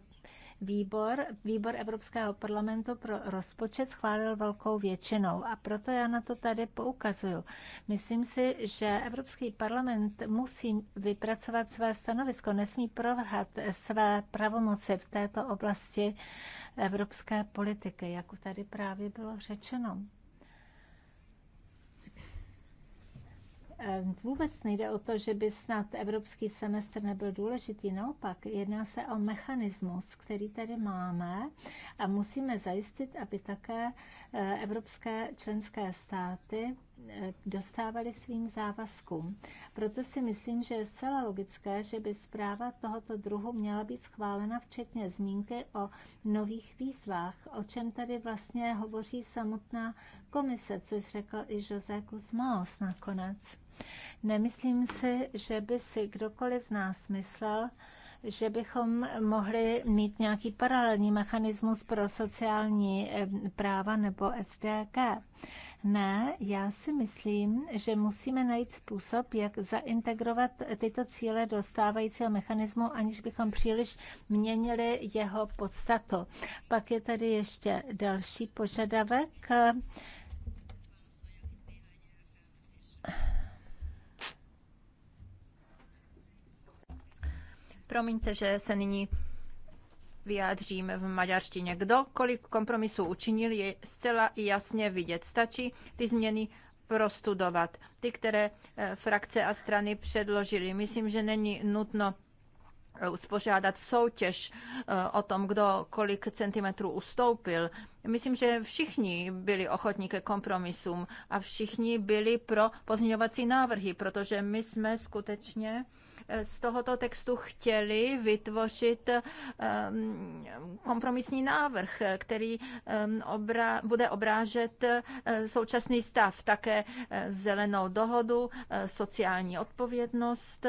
výbor, výbor Evropského parlamentu pro rozpočet schválil velkou většinou a proto já na to tady poukazuju. Myslím si, že Evropský parlament musí vypracovat své stanovisko, nesmí provrhat své pravomoci v této oblasti evropské politiky, jak tady právě bylo řečeno. Ehm, vůbec nejde o to, že by snad evropský semestr nebyl důležitý, naopak jedná se o mechanismus, který tady máme a musíme zajistit, aby také eh, evropské členské státy dostávali svým závazkům. Proto si myslím, že je zcela logické, že by zpráva tohoto druhu měla být schválena, včetně zmínky o nových výzvách, o čem tady vlastně hovoří samotná komise, což řekl i José Kuzmaos nakonec. Nemyslím si, že by si kdokoliv z nás myslel, že bychom mohli mít nějaký paralelní mechanismus pro sociální eh, práva nebo SDG. Ne, já si myslím, že musíme najít způsob, jak zaintegrovat tyto cíle do stávajícího mechanismu, aniž bychom příliš měnili jeho podstatu. Pak je tady ještě další požadavek. Promiňte, že se nyní vyjádříme v maďarštině. Kdo kolik kompromisů učinil, je zcela jasně vidět. Stačí ty změny prostudovat. Ty, které eh, frakce a strany předložili. Myslím, že není nutno eh, uspořádat soutěž eh, o tom, kdo kolik centimetrů ustoupil. Myslím, že všichni byli ochotní ke kompromisům a všichni byli pro pozměňovací návrhy, protože my jsme skutečně z tohoto textu chtěli vytvořit ehm, kompromisní návrh, který ehm, obra, bude obrážet eh, současný stav, také eh, zelenou dohodu, eh, sociální odpovědnost,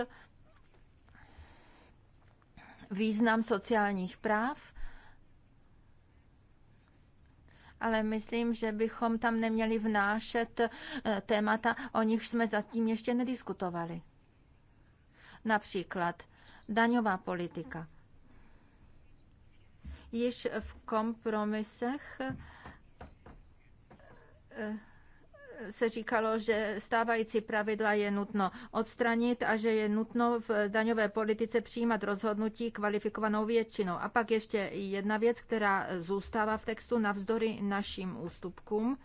význam sociálních práv ale myslím, že bychom tam neměli vnášet témata, o nich jsme zatím ještě nediskutovali. Například daňová politika. Již v kompromisech eh, se říkalo, že stávající pravidla je nutno odstranit a že je nutno v daňové politice přijímat rozhodnutí kvalifikovanou většinou. A pak ještě jedna věc, která zůstává v textu navzdory našim ústupkům.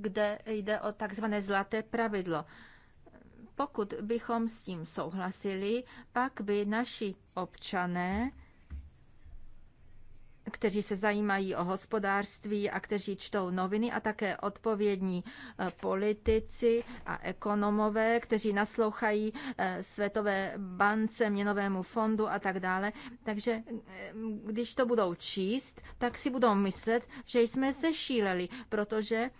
kde jde o takzvané zlaté pravidlo. Pokud bychom s tím souhlasili, pak by naši občané kteří se zajímají o hospodářství a kteří čtou noviny a také odpovědní e, politici a ekonomové, kteří naslouchají e, Světové bance, Měnovému fondu a tak dále. Takže e, když to budou číst, tak si budou myslet, že jsme zešíleli, protože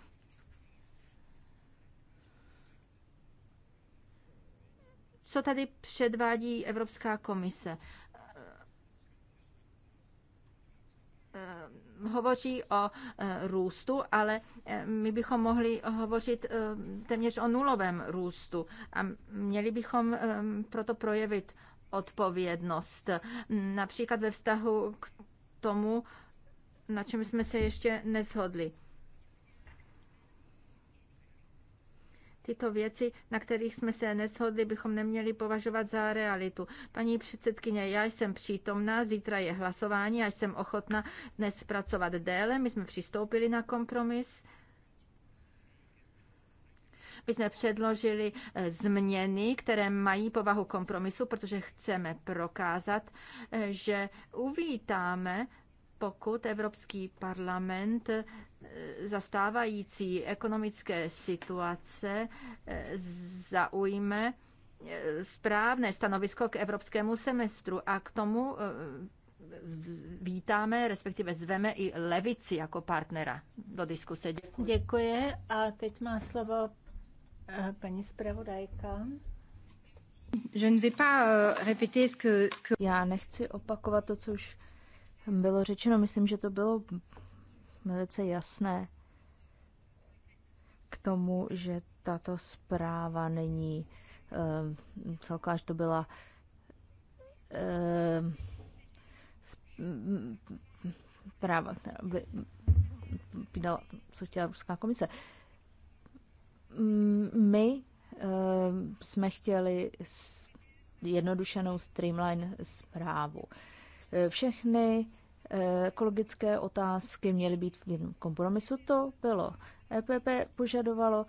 co tady předvádí Evropská komise? Eh, hovoří o eh, růstu, ale eh, my bychom mohli hovořit téměř o nulovém růstu a měli bychom proto projevit odpovědnost. Například ve vztahu k tomu, na čem jsme se ještě neshodli. Tyto věci, na kterých jsme se neshodli, bychom neměli považovat za realitu. Paní předsedkyně, já jsem přítomná, zítra je hlasování, já jsem ochotna dnes pracovat déle. My jsme přistoupili na kompromis. My jsme předložili eh, změny, které mají povahu kompromisu, protože chceme prokázat, eh, že uvítáme pokud Evropský parlament zastávající ekonomické situace eh, zaujme eh, správné stanovisko k evropskému semestru a k tomu eh, vítáme, respektive zveme i levici jako partnera do diskuse. Děkuji. Děkuji a teď má slovo paní zpravodajka. Euh, Já nechci opakovat to, co už bylo řečeno. Myslím, že to bylo velice jasné k tomu, že tato zpráva není uh, eh, celká, že to byla um, eh, práva, která by vydala, co chtěla Ruská komise. Mm, my uh, jsme chtěli jednodušenou streamline zprávu. Všechny ekologické otázky měly být v jednom kompromisu. To bylo. EPP požadovalo,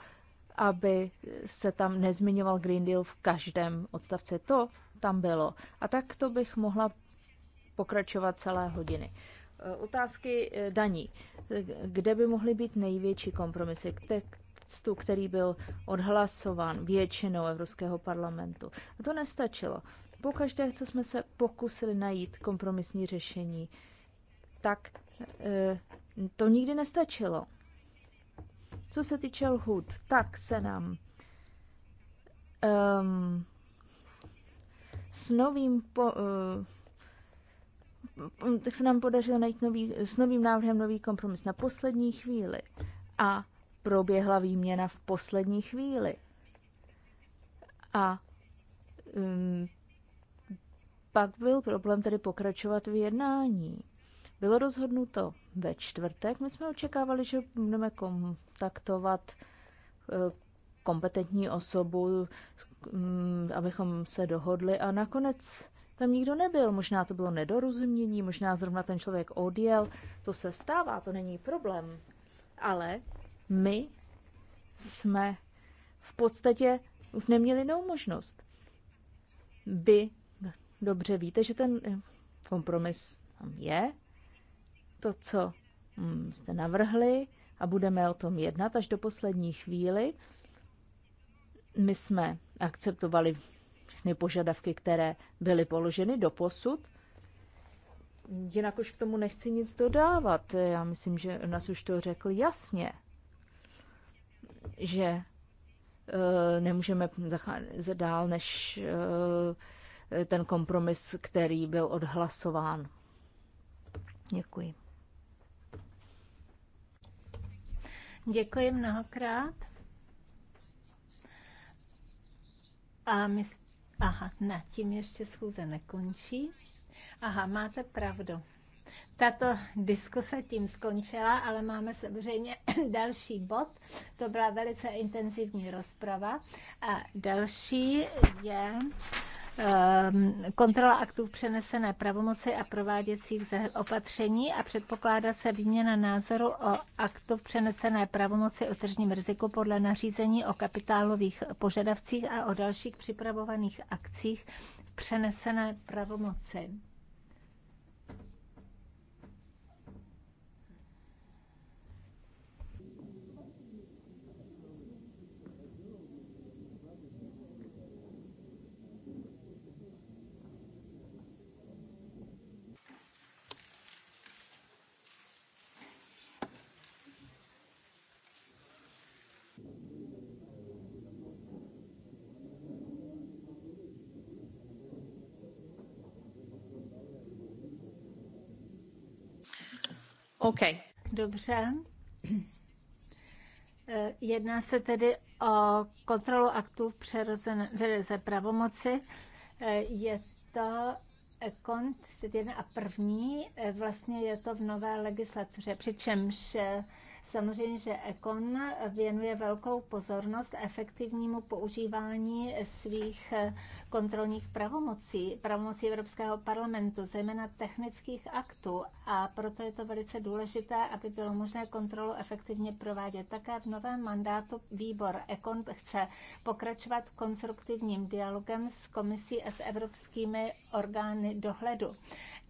aby se tam nezmiňoval Green Deal v každém odstavci. To tam bylo. A tak to bych mohla pokračovat celé hodiny. E, otázky e, daní. Kde by mohly být největší kompromisy? K textu, který byl odhlasován většinou Evropského parlamentu. A to nestačilo. Po každé, co jsme se pokusili najít kompromisní řešení, tak eh, to nikdy nestačilo. Co se týče lhůt, tak se nám um, s novým po, uh, tak se nám podařilo najít nový, s novým návrhem nový kompromis na poslední chvíli a proběhla výměna v poslední chvíli. A um, pak byl problém tedy pokračovat v jednání. Bylo rozhodnuto ve čtvrtek. My jsme očekávali, že budeme kontaktovat eh, kompetentní osobu, mm, abychom se dohodli a nakonec tam nikdo nebyl. Možná to bylo nedorozumění, možná zrovna ten člověk odjel. To se stává, to není problém. Ale my jsme v podstatě už neměli jinou možnost. Vy dobře víte, že ten kompromis tam je, to, co mm, jste navrhli a budeme o tom jednat až do poslední chvíli. My jsme akceptovali všechny požadavky, které byly položeny do posud. Jinak už k tomu nechci nic dodávat. Já myslím, že nás už to řekl jasně, že e, nemůžeme zacházet dál než e, ten kompromis, který byl odhlasován. Děkuji. Děkuji mnohokrát. A my... Aha, ne, tím ještě schůze nekončí. Aha, máte pravdu. Tato diskuse tím skončila, ale máme samozřejmě další bod. To byla velice intenzivní rozprava. A další je Ehm, kontrola aktů přenesené pravomoci a prováděcích opatření a předpokládá se výměna názoru o aktu přenesené pravomoci o tržním riziku podle nařízení o kapitálových požadavcích a o dalších připravovaných akcích v přenesené pravomoci. OK. Dobře. Eh, jedná se tedy o kontrolu aktů v přerozené pravomoci. Eh, je to eh, kont 31 a první, vlastně je to v nové legislatuře, přičemž Samozřejmě, že Econ věnuje velkou pozornost efektivnímu používání svých kontrolních pravomocí, pravomocí Evropského parlamentu, zejména technických aktů a proto je to velice důležité, aby bylo možné kontrolu efektivně provádět. Také v novém mandátu výbor Econ chce pokračovat konstruktivním dialogem s komisí a s evropskými orgány dohledu.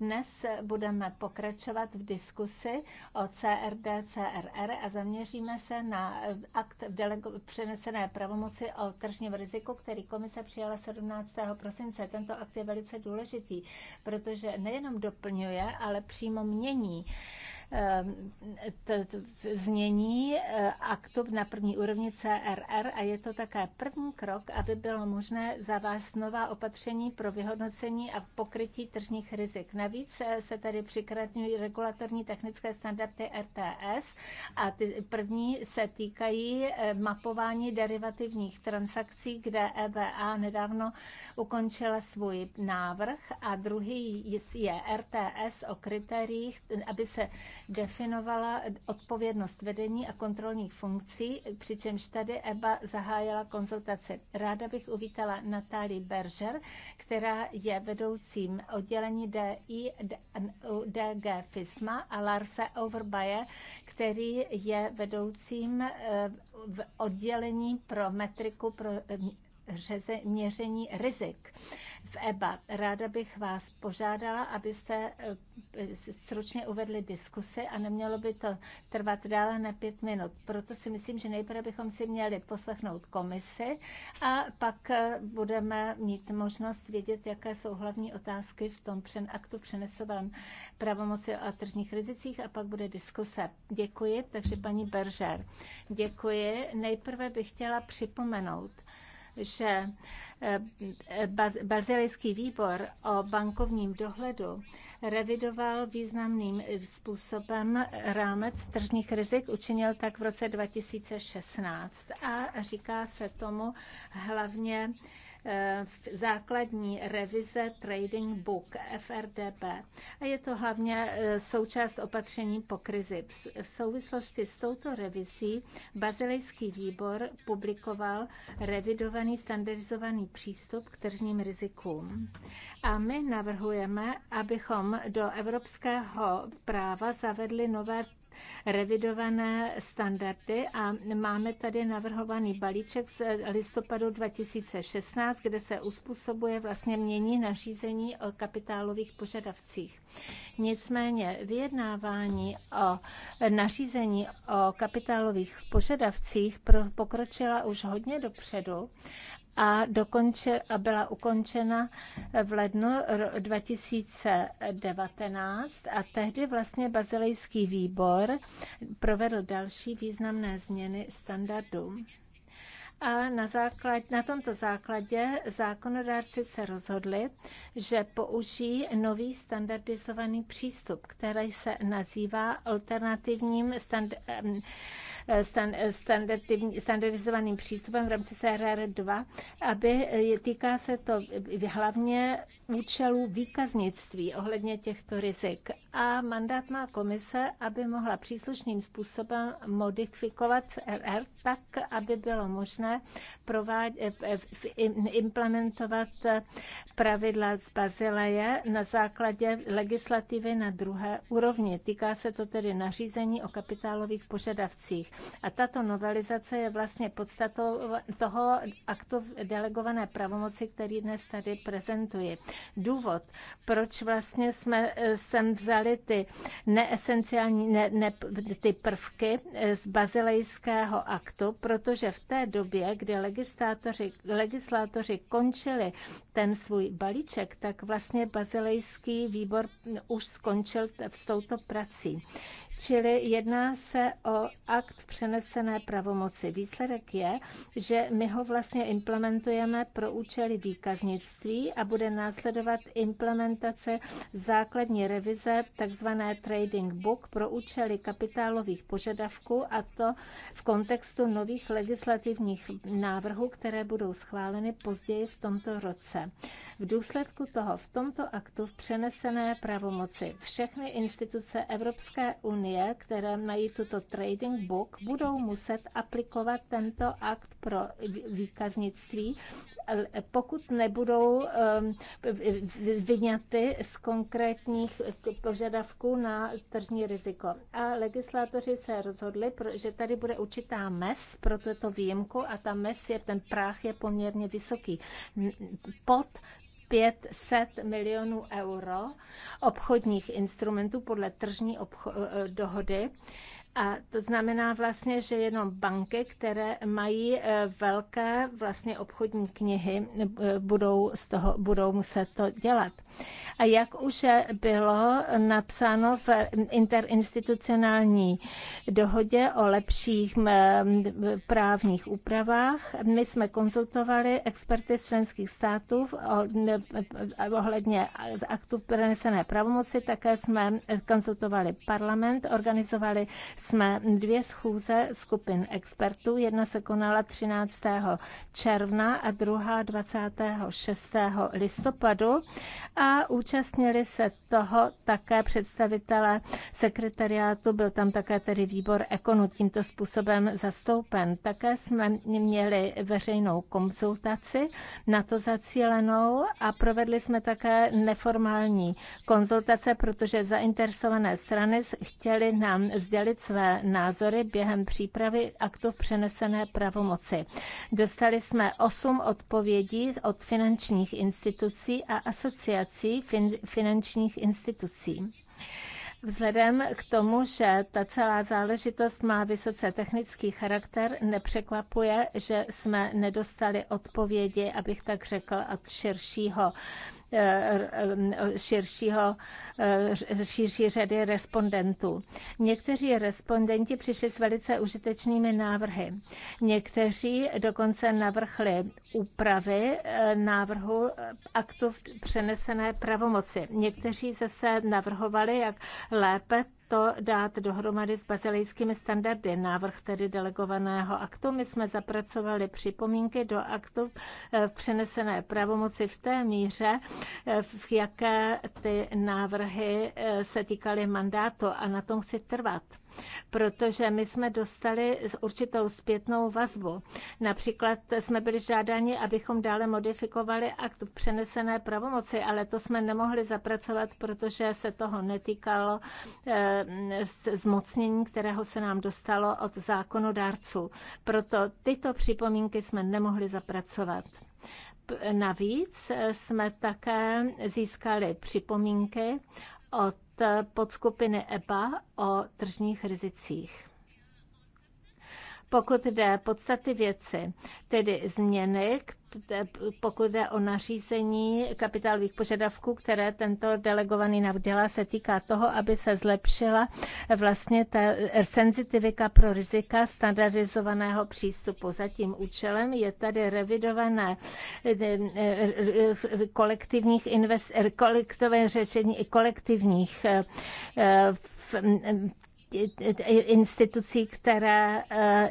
Dnes budeme pokračovat v diskusi o CRD, CRR a zaměříme se na eh, akt v delego- přenesené pravomoci o tržním riziku, který komise přijala 17. prosince. Tento akt je velice důležitý, protože nejenom doplňuje, ale přímo mění Ehm, znění eh, aktu na první úrovni CRR a je to také první krok, aby bylo možné zavést nová opatření pro vyhodnocení a pokrytí tržních rizik. Navíc eh, se tady přikratňují regulatorní technické standardy RTS a ty první se týkají eh, mapování derivativních transakcí, kde EBA nedávno ukončila svůj návrh a druhý je RTS o kritériích, aby se definovala odpovědnost vedení a kontrolních funkcí, přičemž tady EBA zahájila konzultace. Ráda bych uvítala Natáli Berger, která je vedoucím oddělení DI, DG FISMA a Larsa Overbaje, který je vedoucím eh, v oddělení pro metriku pro eh, řeze, měření rizik v EBA. Ráda bych vás požádala, abyste eh, stručně uvedli diskusy a nemělo by to trvat dále na pět minut. Proto si myslím, že nejprve bychom si měli poslechnout komisi a pak eh, budeme mít možnost vědět, jaké jsou hlavní otázky v tom přen, aktu přenesovém pravomoci a tržních rizicích a pak bude diskuse. Děkuji, takže paní Beržer. Děkuji. Nejprve bych chtěla připomenout, že eh, Bazilejský výbor o bankovním dohledu revidoval významným způsobem rámec tržních rizik, učinil tak v roce 2016 a říká se tomu hlavně Eh, základní revize Trading Book FRDB a je to hlavně eh, součást opatření po krizi. V souvislosti s touto revizí Bazilejský výbor publikoval revidovaný standardizovaný přístup k tržním rizikům. A my navrhujeme, abychom do evropského práva zavedli nové revidované standardy a máme tady navrhovaný balíček z listopadu 2016, kde se uspůsobuje vlastně mění nařízení o kapitálových požadavcích. Nicméně vyjednávání o nařízení o kapitálových požadavcích pokročila už hodně dopředu a, dokonče, a byla ukončena v lednu 2019 a tehdy vlastně bazilejský výbor provedl další významné změny standardů. A na, základ, na tomto základě zákonodárci se rozhodli, že použijí nový standardizovaný přístup, který se nazývá alternativním standardem standardizovaným přístupem v rámci CRR 2, aby týká se to hlavně účelů výkaznictví ohledně těchto rizik. A mandát má komise, aby mohla příslušným způsobem modifikovat CRR tak, aby bylo možné provádět, eh, eh, implementovat pravidla z Bazileje na základě legislativy na druhé úrovni. Týká se to tedy nařízení o kapitálových požadavcích. A tato novelizace je vlastně podstatou toho aktu delegované pravomoci, který dnes tady prezentuji. Důvod, proč vlastně jsme eh, sem vzali ty neesenciální ne, ne, ty prvky eh, z bazilejského aktu, protože v té době, kdy legislátoři, legislátoři končili ten svůj balíček, tak vlastně bazilejský výbor už skončil s touto prací. Čili jedná se o akt přenesené pravomoci. Výsledek je, že my ho vlastně implementujeme pro účely výkaznictví a bude následovat implementace základní revize takzvané trading book pro účely kapitálových požadavků a to v kontextu nových legislativních návrhů, které budou schváleny později v tomto roce. V důsledku toho v tomto aktu v přenesené pravomoci všechny instituce Evropské unie unie, které mají tuto trading book, budou muset aplikovat tento akt pro výkaznictví, pokud nebudou ehm, vyňaty z konkrétních požadavků na tržní riziko. A legislátoři se rozhodli, že tady bude určitá mes pro tuto výjimku a ta mes je, ten práh je poměrně vysoký. Pod 500 milionů euro obchodních instrumentů podle tržní obcho- eh, dohody a to znamená vlastně, že jenom banky, které mají eh, velké vlastně obchodní knihy, eh, budou, z toho, budou muset to dělat. A jak už eh, bylo napsáno v interinstitucionální dohodě o lepších právních úpravách, my jsme konzultovali experty z členských států ohledně aktu prenesené pravomoci, také jsme konzultovali parlament, organizovali jsme dvě schůze skupin expertů. Jedna se konala 13. června a druhá 26. listopadu a účastnili se toho také představitelé sekretariátu, byl tam také tedy výbor ekonu tímto způsobem zastoupen. Také jsme měli veřejnou konzultaci na to zacílenou a provedli jsme také neformální konzultace, protože zainteresované strany chtěli nám sdělit své názory během přípravy aktu v přenesené pravomoci. Dostali jsme osm odpovědí od finančních institucí a asociací fin- finančních institucí. Vzhledem k tomu, že ta celá záležitost má vysoce technický charakter, nepřekvapuje, že jsme nedostali odpovědi, abych tak řekl, od širšího Eh, eh, širšího, eh, širší řady respondentů. Někteří respondenti přišli s velice užitečnými návrhy. Někteří dokonce navrhli úpravy návrhu aktu v přenesené pravomoci. Někteří zase navrhovali, jak lépe to dát dohromady s bazilejskými standardy. Návrh tedy delegovaného aktu. My jsme zapracovali připomínky do aktu eh, v přenesené pravomoci v té míře, eh, v jaké ty návrhy eh, se týkaly mandátu a na tom chci trvat protože my jsme dostali určitou zpětnou vazbu. Například jsme byli žádáni, abychom dále modifikovali akt přenesené pravomoci, ale to jsme nemohli zapracovat, protože se toho netýkalo eh, zmocnění, kterého se nám dostalo od zákonodárců. Proto tyto připomínky jsme nemohli zapracovat. Navíc eh, jsme také získali připomínky od podskupiny EBA o tržních rizicích. Pokud jde podstaty věci, tedy změny, pokud jde o nařízení kapitálových požadavků, které tento delegovaný navdělá, se týká toho, aby se zlepšila vlastně ta senzitivika pro rizika standardizovaného přístupu. Za tím účelem je tady revidované eh, eh, kolektivních invest, eh, kolektové řečení i kolektivních institucí, které, eh,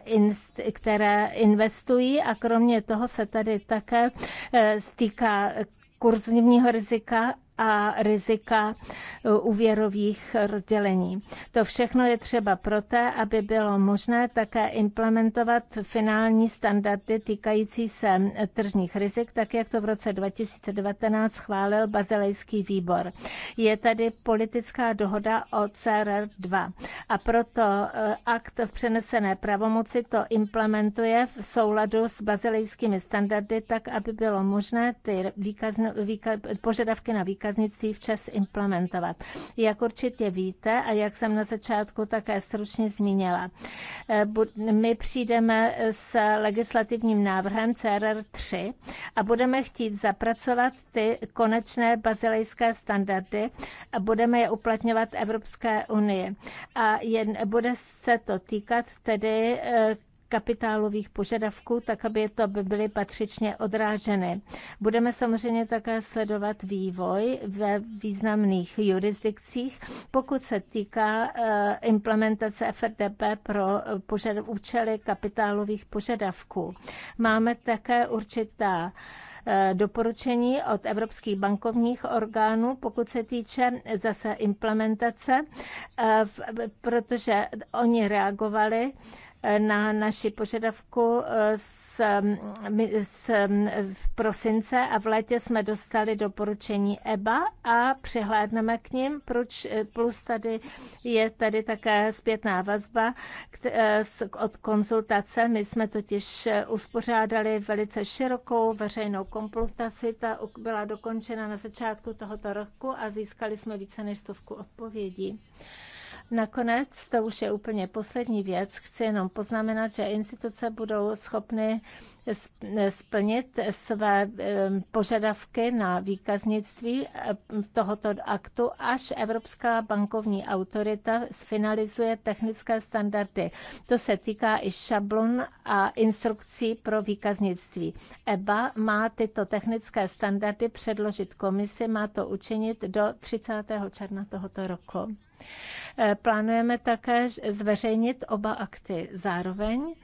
které investují a kromě toho se tady také eh, stýká kurzního rizika a rizika eh, úvěrových rozdělení. To všechno je třeba proto, aby bylo možné také implementovat finální standardy týkající se tržních rizik, tak jak to v roce 2019 schválil Bazilejský výbor. Je tady politická dohoda o CRR 2 a proto e, akt v přenesené pravomoci to implementuje v souladu s bazilejskými standardy tak, aby bylo možné ty výkazno, výka, požadavky na výkaznictví včas implementovat. Jak určitě víte a jak jsem na začátku také stručně zmínila, e, my přijdeme s legislativním návrhem CRR 3 a budeme chtít zapracovat ty konečné bazilejské standardy a budeme je uplatňovat Evropské unii. A je, bude se to týkat tedy eh, kapitálových požadavků, tak aby to by byly patřičně odráženy. Budeme samozřejmě také sledovat vývoj ve významných jurisdikcích, pokud se týká eh, implementace FRDP pro eh, účely kapitálových požadavků. Máme také určitá Eh, doporučení od evropských bankovních orgánů, pokud se týče zase implementace, eh, protože oni reagovali na naši požadavku z, eh, z mm, mm, v prosince a v létě jsme dostali doporučení EBA a přihlédneme k ním, proč eh, plus tady je tady také zpětná vazba eh, od konzultace. My jsme totiž uspořádali velice širokou veřejnou konzultaci, ta byla dokončena na začátku tohoto roku a získali jsme více než stovku odpovědí. Nakonec, to už je úplně poslední věc, chci jenom poznamenat, že instituce budou schopny splnit své požadavky na výkaznictví tohoto aktu, až Evropská bankovní autorita sfinalizuje technické standardy. To se týká i šablon a instrukcí pro výkaznictví. EBA má tyto technické standardy předložit komisi, má to učinit do 30. června tohoto roku. Eh, plánujeme také zveřejnit oba akty zároveň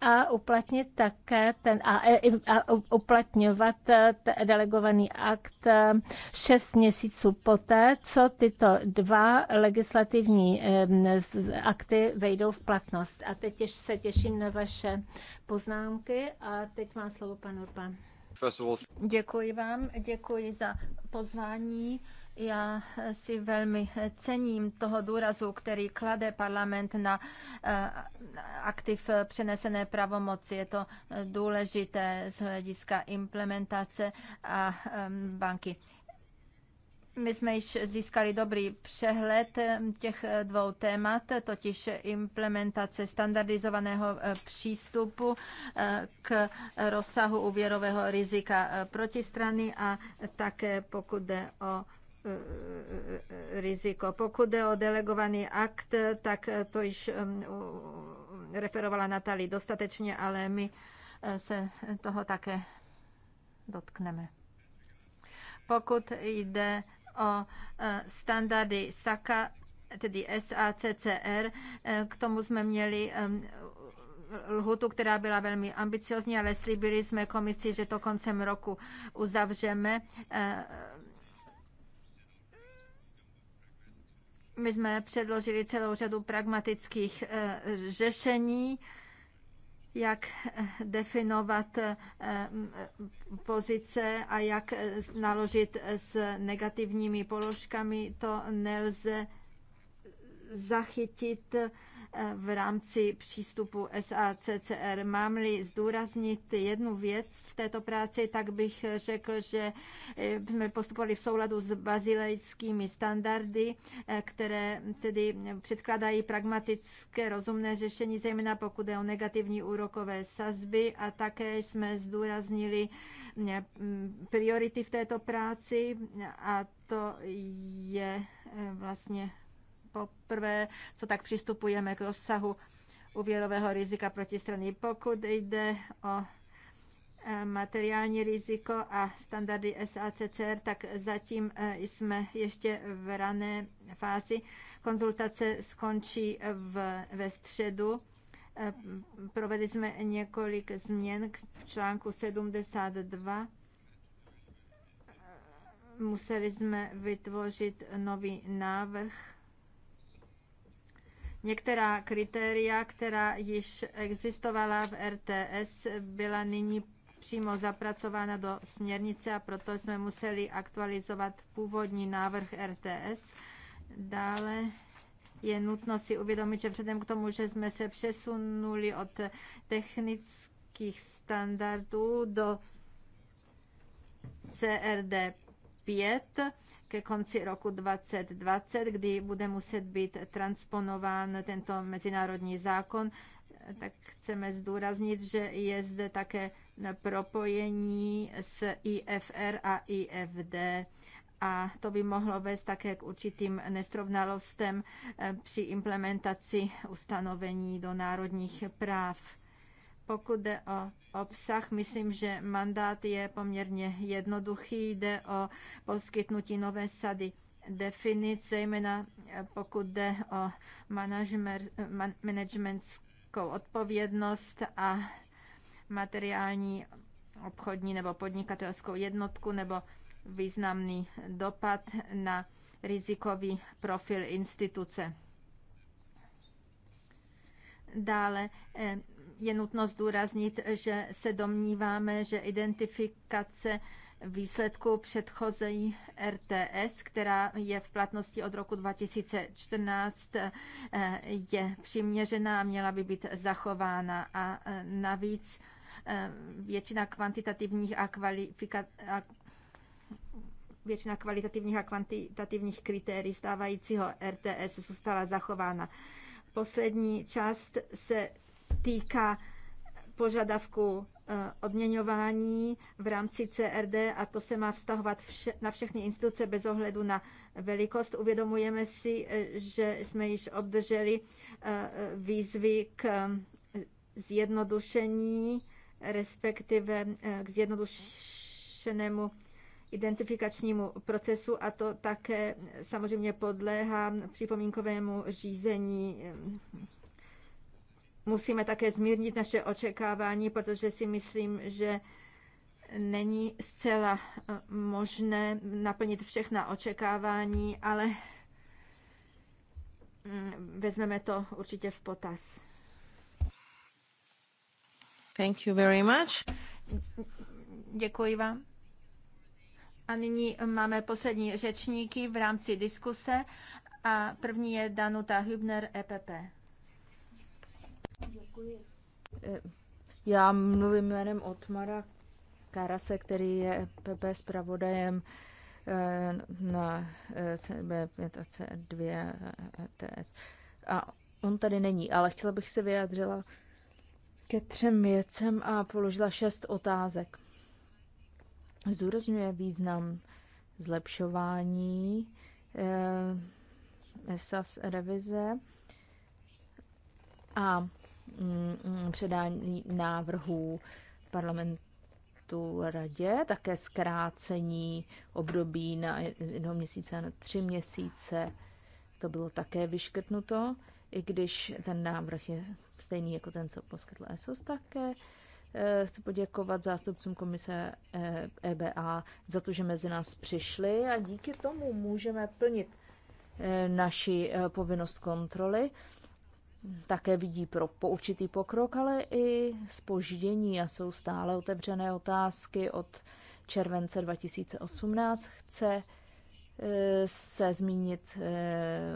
a uplatnit také ten a, eh, a uplatňovat eh, delegovaný akt šest měsíců poté, co tyto dva legislativní akty vejdou v platnost. A teď se těším na vaše poznámky a teď má slovo pan Urban. Děkuji vám, děkuji za pozvání. Já si velmi cením toho důrazu, který klade parlament na eh, aktiv přenesené pravomoci. Je to eh, důležité z hlediska implementace a eh, banky. My jsme již získali dobrý přehled těch dvou témat, totiž implementace standardizovaného přístupu k rozsahu úvěrového rizika protistrany a také pokud jde o riziko. Pokud jde o delegovaný akt, tak to již um, referovala Natali dostatečně, ale my uh, se toho také dotkneme. Pokud jde o uh, standardy SACA, tedy SACCR, uh, k tomu jsme měli um, lhutu, která byla velmi ambiciozní, ale slíbili jsme komisi, že to koncem roku uzavřeme. My jsme předložili celou řadu pragmatických eh, řešení, jak eh, definovat eh, pozice a jak naložit s negativními položkami, to nelze zachytit v rámci přístupu SACCR. Mám-li zdůraznit jednu věc v této práci, tak bych řekl, že eh, jsme postupovali v souladu s bazilejskými standardy, eh, které tedy předkládají pragmatické rozumné řešení, zejména pokud je o negativní úrokové sazby a také jsme zdůraznili eh, priority v této práci a to je vlastně poprvé, co tak přistupujeme k rozsahu úvěrového rizika protistrany. Pokud jde o eh, materiální riziko a standardy SACCR, tak zatím eh, jsme ještě v rané fázi. Konzultace skončí v, ve středu. Eh, provedli jsme několik změn v článku 72. Museli jsme vytvořit nový návrh Některá kritéria, která již existovala v RTS, byla nyní přímo zapracována do směrnice a proto jsme museli aktualizovat původní návrh RTS. Dále je nutno si uvědomit, že vzhledem k tomu, že jsme se přesunuli od technických standardů do CRD 5, ke konci roku 2020, kdy bude muset být transponován tento mezinárodní zákon, tak chceme zdůraznit, že je zde také propojení s IFR a IFD a to by mohlo vést také k určitým nestrovnalostem eh, při implementaci ustanovení do národních práv. Pokud jde o obsah. Myslím, že mandát je poměrně jednoduchý, jde o poskytnutí nové sady definic, zejména pokud jde o managementskou odpovědnost a materiální obchodní nebo podnikatelskou jednotku nebo významný dopad na rizikový profil instituce. Dále eh, je nutno zdůraznit, že se domníváme, že identifikace výsledku předchozí RTS, která je v platnosti od roku 2014, je přiměřená a měla by být zachována. A navíc eh, většina kvantitativních a kvalifikativních většina kvalitativních a kvantitativních kritérií stávajícího RTS zůstala zachována. Poslední část se týká požadavku eh, odměňování v rámci CRD a to se má vztahovat vše, na všechny instituce bez ohledu na velikost. Uvědomujeme si, eh, že jsme již obdrželi eh, výzvy k zjednodušení, respektive k zjednodušenému identifikačnímu procesu a to také samozřejmě podléhá připomínkovému řízení musíme také zmírnit naše očekávání, protože si myslím, že není zcela eh, možné naplnit všechna očekávání, ale mm, vezmeme to určitě v potaz. Thank you very much. Děkuji vám. A nyní máme poslední řečníky v rámci diskuse a první je Danuta Hübner, EPP. Děkuji. Já mluvím jménem Otmara Karase, který je PP e zpravodajem eh, na eh, CB5 a C2 eh, TS. A on tady není, ale chtěla bych se vyjádřila ke třem věcem a položila šest otázek. Zdůrazňuje význam zlepšování sas revize, a mm, mm, předání návrhů parlamentu radě, také zkrácení období na jednoho měsíce na tři měsíce. To bylo také vyškrtnuto, i když ten návrh je stejný jako ten, co poskytl ESOS také. E, chci poděkovat zástupcům komise EBA e za to, že mezi nás přišli a díky tomu můžeme plnit e, naši povinnost kontroly také vidí pro určitý pokrok, ale i spoždění a jsou stále otevřené otázky od července 2018. Chce eh, se zmínit, eh,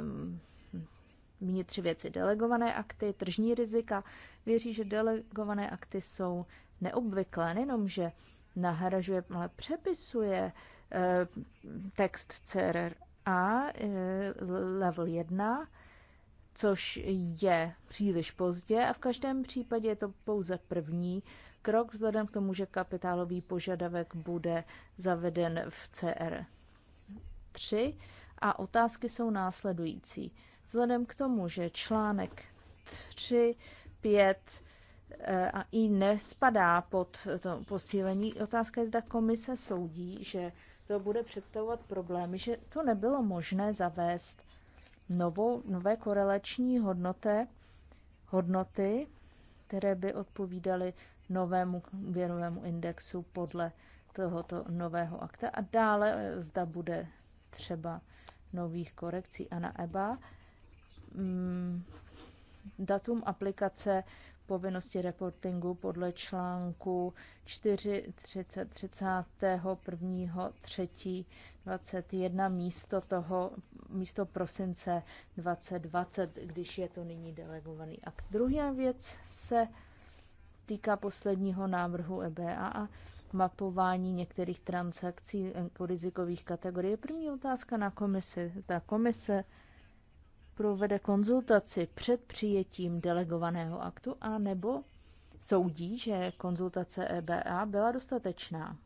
zmínit tři věci. Delegované akty, tržní rizika. Věří, že delegované akty jsou neobvyklé, nejenom, že nahražuje, ale přepisuje eh, text CRR a level 1 což je příliš pozdě a v každém případě je to pouze první krok vzhledem k tomu, že kapitálový požadavek bude zaveden v CR 3 a otázky jsou následující. Vzhledem k tomu, že článek 3, 5 eh, a i nespadá pod to posílení, otázka je, zda komise soudí, že to bude představovat problémy, že to nebylo možné zavést novou, nové korelační hodnoty, hodnoty, které by odpovídaly novému věrovému indexu podle tohoto nového akta a dále eh, zda bude třeba nových korekcí a na EBA. Mm, datum aplikace povinnosti reportingu podle článku 4.30.31.3.21 místo toho, místo prosince 2020, když je to nyní delegovaný akt. Druhá věc se týká posledního návrhu EBA a mapování některých transakcí jako rizikových kategorií. První otázka na komisi. Zda komise provede konzultaci před přijetím delegovaného aktu a nebo soudí, že konzultace EBA byla dostatečná.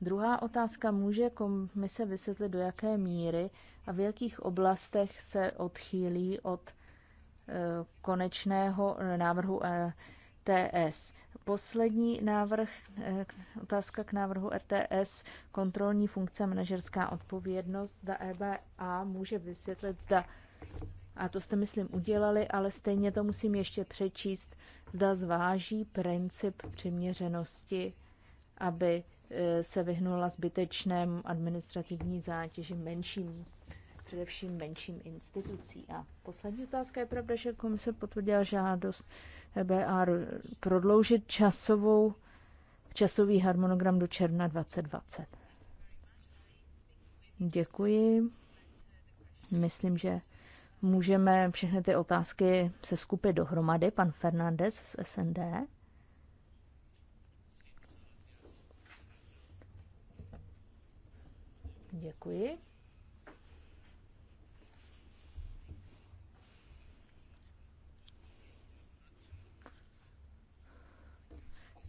Druhá otázka může komise vysvětlit, do jaké míry a v jakých oblastech se odchýlí od eh, konečného návrhu e TS poslední návrh, eh, otázka k návrhu RTS, kontrolní funkce manažerská odpovědnost. Zda EBA může vysvětlit, zda, a to jste myslím udělali, ale stejně to musím ještě přečíst, zda zváží princip přiměřenosti, aby eh, se vyhnula zbytečnému administrativní zátěži menším především menším institucí. A poslední otázka je pravda, že komise potvrdila žádost EBA prodloužit časovou, časový harmonogram do června 2020. Děkuji. Myslím, že můžeme všechny ty otázky se skupit dohromady. Pan Fernandez z SND. Děkuji.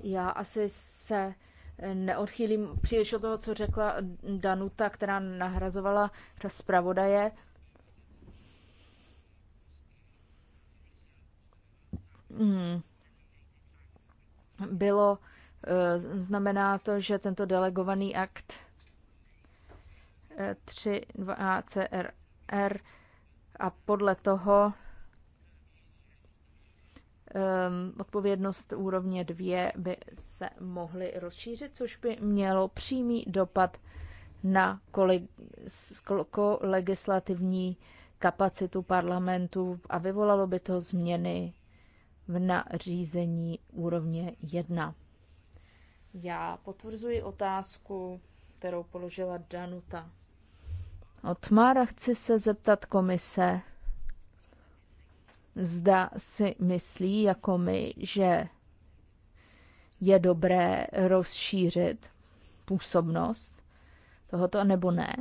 Já asi se eh, neodchýlím příliš od toho, co řekla Danuta, která nahrazovala zpravodaje. Hmm. Bylo, eh, znamená to, že tento delegovaný akt 3.2 eh, CRR a podle toho um, odpovědnost úrovně 2 by se mohly rozšířit, což by mělo přímý dopad na legislativní kapacitu parlamentu a vyvolalo by to změny v nařízení úrovně 1. Já potvrzuji otázku, kterou položila Danuta. Otmar, chci se zeptat komise, zda si myslí jako my, že je dobré rozšířit působnost tohoto, nebo ne.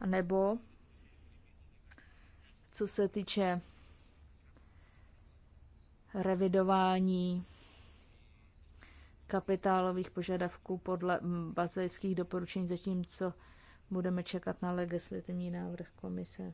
A nebo co se týče revidování kapitálových požadavků podle bazilických doporučení, zatímco budeme čekat na legislativní návrh komise.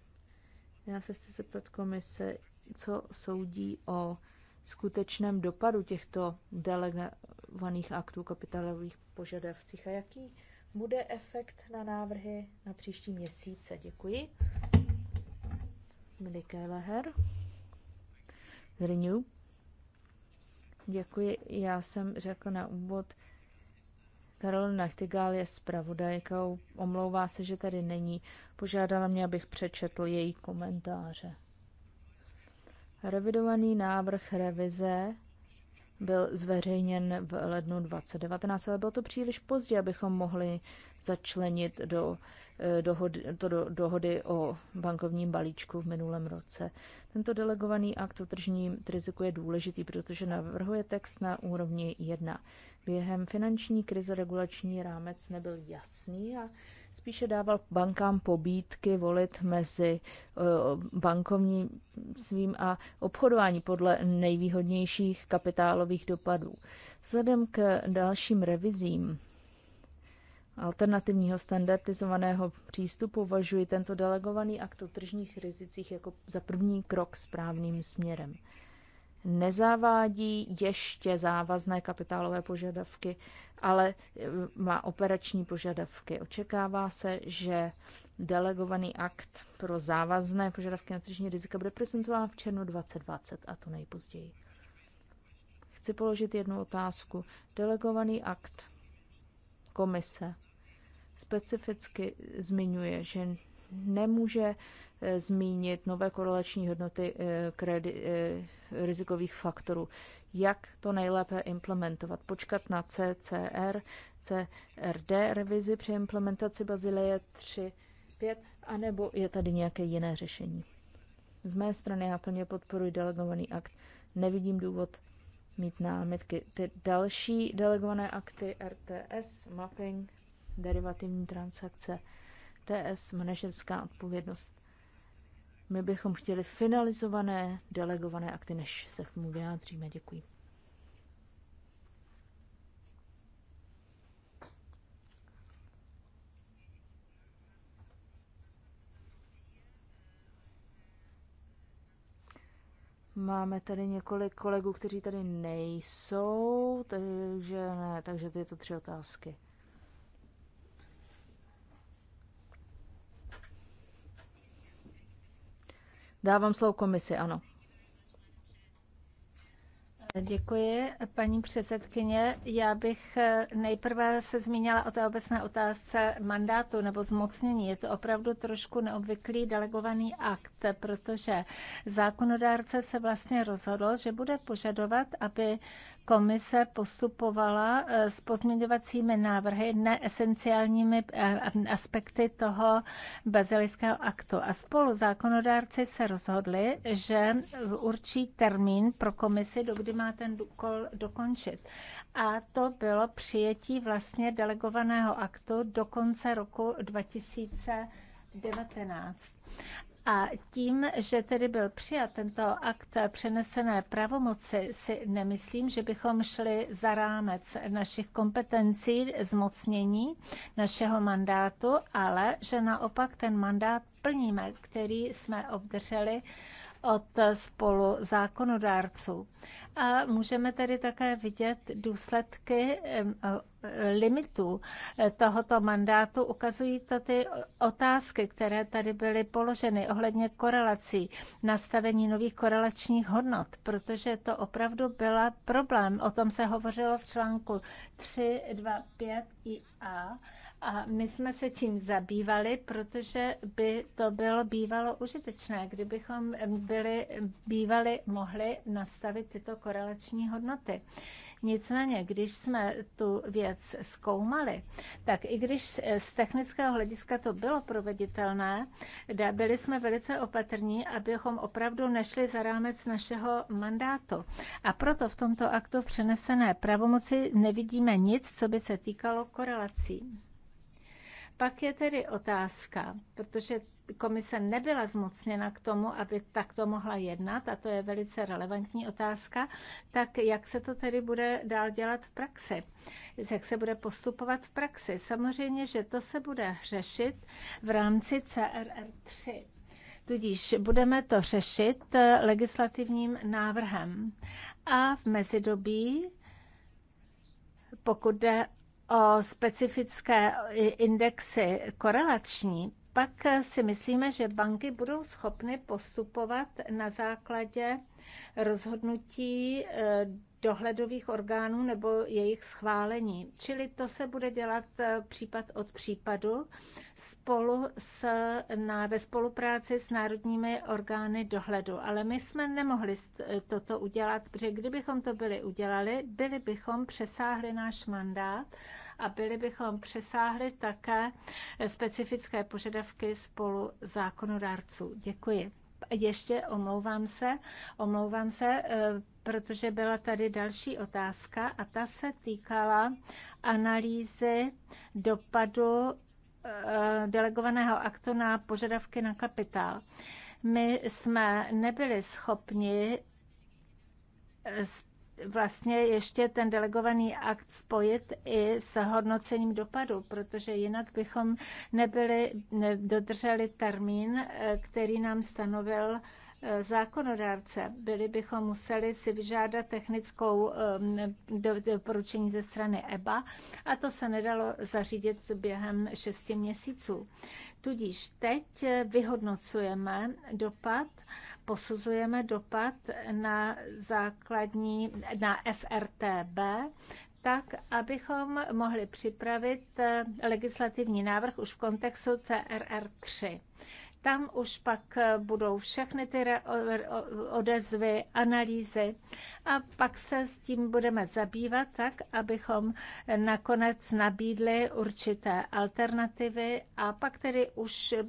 Já se chci zeptat komise, co soudí o skutečném dopadu těchto delegovaných aktů kapitálových požadavcích a jaký bude efekt na návrhy na příští měsíce. Děkuji. Miliké Leher. Renew. Děkuji. Já jsem řekl na úvod, Karol Nachtigal je zpravodajkou, omlouvá se, že tady není. Požádala mě, abych přečetl její komentáře. Revidovaný návrh revize byl zveřejněn v lednu 2019, ale bylo to příliš pozdě, abychom mohli začlenit do, eh, dohody, to do dohody o bankovním balíčku v minulém roce. Tento delegovaný akt o tržním riziku je důležitý, protože navrhuje text na úrovni 1. Během finanční krize regulační rámec nebyl jasný a spíše dával bankám pobídky volit mezi eh, bankovním svým a obchodování podle nejvýhodnějších kapitálových dopadů. Vzhledem k dalším revizím alternativního standardizovaného přístupu považuji tento delegovaný akt o tržních rizicích jako za první krok správným směrem nezavádí ještě závazné kapitálové požadavky, ale eh, má operační požadavky. Očekává se, že delegovaný akt pro závazné požadavky na tržní rizika bude prezentován v červnu 2020 a to nejpozději. Chci položit jednu otázku. Delegovaný akt komise specificky zmiňuje, že nemůže eh, zmínit nové korelační hodnoty eh, kredi, eh, rizikových faktorů. Jak to nejlépe implementovat? Počkat na CCR, CRD revizi při implementaci Bazileje 3, 5, anebo je tady nějaké jiné řešení? Z mé strany já plně podporuji delegovaný akt. Nevidím důvod mít námitky. Ty další delegované akty RTS, mapping, derivativní transakce, TS, manažerská odpovědnost. My bychom chtěli finalizované, delegované akty, než se k tomu vyjádříme. Děkuji. Máme tady několik kolegů, kteří tady nejsou, takže ne, takže ty to tři otázky. Dávám slovo komisi, ano. Děkuji, paní předsedkyně. Já bych eh, nejprve se zmínila o té obecné otázce mandátu nebo zmocnění. Je to opravdu trošku neobvyklý delegovaný akt, protože zákonodárce se vlastně rozhodl, že bude požadovat, aby komise postupovala eh, s pozměňovacími návrhy neesenciálními eh, aspekty toho bazilického aktu. A spolu zákonodárci se rozhodli, že určí termín pro komisi, dokdy má ten úkol dokončit. A to bylo přijetí vlastně delegovaného aktu do konce roku 2019. A tím, že tedy byl přijat tento akt přenesené pravomoci, si nemyslím, že bychom šli za rámec našich kompetencí, zmocnění našeho mandátu, ale že naopak ten mandát plníme, který jsme obdrželi od spolu zákonodárců. A můžeme tedy také vidět důsledky limitů eh, tohoto mandátu, ukazují to ty otázky, které tady byly položeny ohledně korelací, nastavení nových korelačních hodnot, protože to opravdu byla problém. O tom se hovořilo v článku 3, 2, 5 i A. A my jsme se tím zabývali, protože by to bylo bývalo užitečné, kdybychom byli, bývali mohli nastavit tyto korelační hodnoty. Nicméně, když jsme tu věc zkoumali, tak i když z technického hlediska to bylo proveditelné, byli jsme velice opatrní, abychom opravdu nešli za rámec našeho mandátu. A proto v tomto aktu přenesené pravomoci nevidíme nic, co by se týkalo korelací. Pak je tedy otázka, protože komise nebyla zmocněna k tomu, aby takto mohla jednat, a to je velice relevantní otázka, tak jak se to tedy bude dál dělat v praxi? Jak se bude postupovat v praxi? Samozřejmě, že to se bude řešit v rámci CRR 3. Tudíž budeme to řešit eh, legislativním návrhem. A v mezidobí, pokud jde o specifické indexy korelační, pak si myslíme, že banky budou schopny postupovat na základě rozhodnutí eh, dohledových orgánů nebo jejich schválení. Čili to se bude dělat eh, případ od případu spolu s, na, ve spolupráci s národními orgány dohledu. Ale my jsme nemohli eh, toto udělat, protože kdybychom to byli udělali, byli bychom přesáhli náš mandát a byli bychom přesáhli také specifické požadavky spolu zákonodárců. Děkuji. Ještě omlouvám se, omlouvám se, eh, protože byla tady další otázka a ta se týkala analýzy dopadu eh, delegovaného aktu na požadavky na kapitál. My jsme nebyli schopni vlastně ještě ten delegovaný akt spojit i s hodnocením dopadu, protože jinak bychom nebyli, dodrželi termín, eh, který nám stanovil eh, zákonodárce. Byli bychom museli si vyžádat technickou eh, doporučení ze strany EBA a to se nedalo zařídit během šesti měsíců. Tudíž teď vyhodnocujeme dopad posuzujeme dopad na základní, na FRTB, tak, abychom mohli připravit eh, legislativní návrh už v kontextu CRR 3. Tam už pak eh, budou všechny ty odezvy, analýzy a pak se s tím budeme zabývat tak, abychom nakonec nabídli určité alternativy a pak tedy už eh,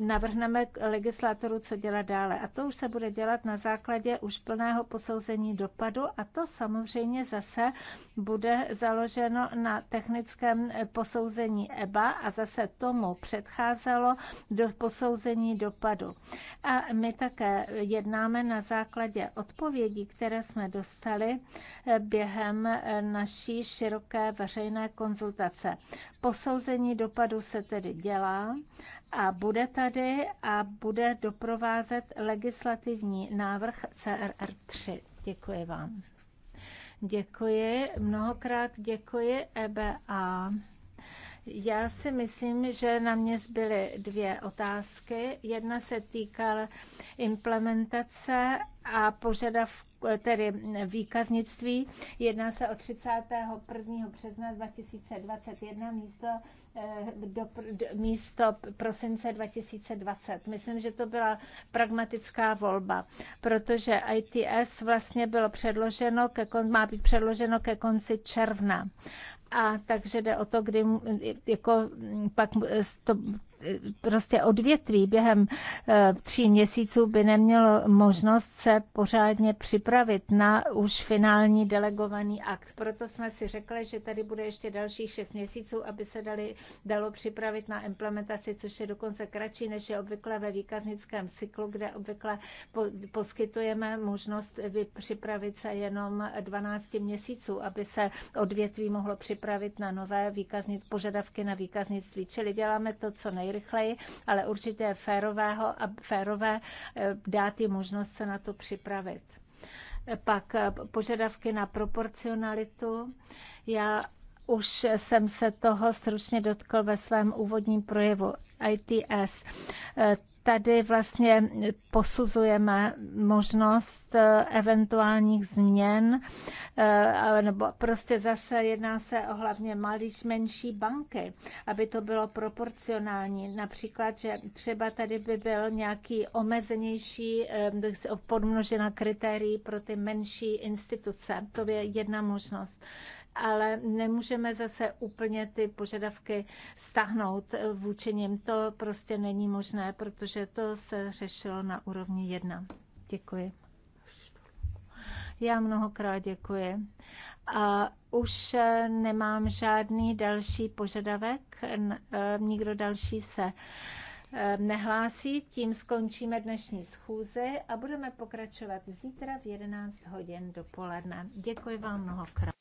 navrhneme legislatoru, co dělat dále. A to už se bude dělat na základě už plného posouzení dopadu a to samozřejmě zase bude založeno na technickém eh, posouzení EBA a zase tomu předcházelo do posouzení posouzení dopadu. A my také jednáme na základě odpovědí, které jsme dostali eh, během eh, naší široké veřejné konzultace. Posouzení dopadu se tedy dělá a bude tady a bude doprovázet legislativní návrh CRR3. Děkuji vám. Děkuji, mnohokrát děkuji EBA. Já si myslím, že na mě zbyly dvě otázky. Jedna se týkala implementace a požadavku tedy výkaznictví. Jedná se o 31. března 2021 místo, eh, do, do, místo prosince 2020. Myslím, že to byla pragmatická volba, protože ITS vlastně bylo předloženo, ke, má být předloženo ke konci června. A takže jde o to, kdy jako pak to prostě odvětví během eh, tří měsíců by nemělo možnost se pořádně připravit na už finální delegovaný akt. Proto jsme si řekli, že tady bude ještě dalších šest měsíců, aby se dali, dalo připravit na implementaci, což je dokonce kratší, než je obvykle ve výkaznickém cyklu, kde obvykle po, poskytujeme možnost připravit se jenom 12 měsíců, aby se odvětví mohlo připravit na nové výkaznic, požadavky na výkaznictví. Čili děláme to, co nej nejrychleji, ale určitě je férového a férové eh, dát jim možnost se na to připravit. Pak eh, požadavky na proporcionalitu. Já už jsem se toho stručně dotkl ve svém úvodním projevu. ITS. Eh, tady vlastně posuzujeme možnost eh, eventuálních změn, eh, nebo prostě zase jedná se o hlavně malý, menší banky, aby to bylo proporcionální. Například, že třeba tady by byl nějaký omezenější eh, podmnožena kritérií pro ty menší instituce. To je jedna možnost ale nemůžeme zase úplně ty požadavky stahnout vůči nim. To prostě není možné, protože to se řešilo na úrovni jedna. Děkuji. Já mnohokrát děkuji. A už nemám žádný další požadavek, e, nikdo další se e, nehlásí, tím skončíme dnešní schůzi a budeme pokračovat zítra v 11 hodin dopoledne. Děkuji vám mnohokrát.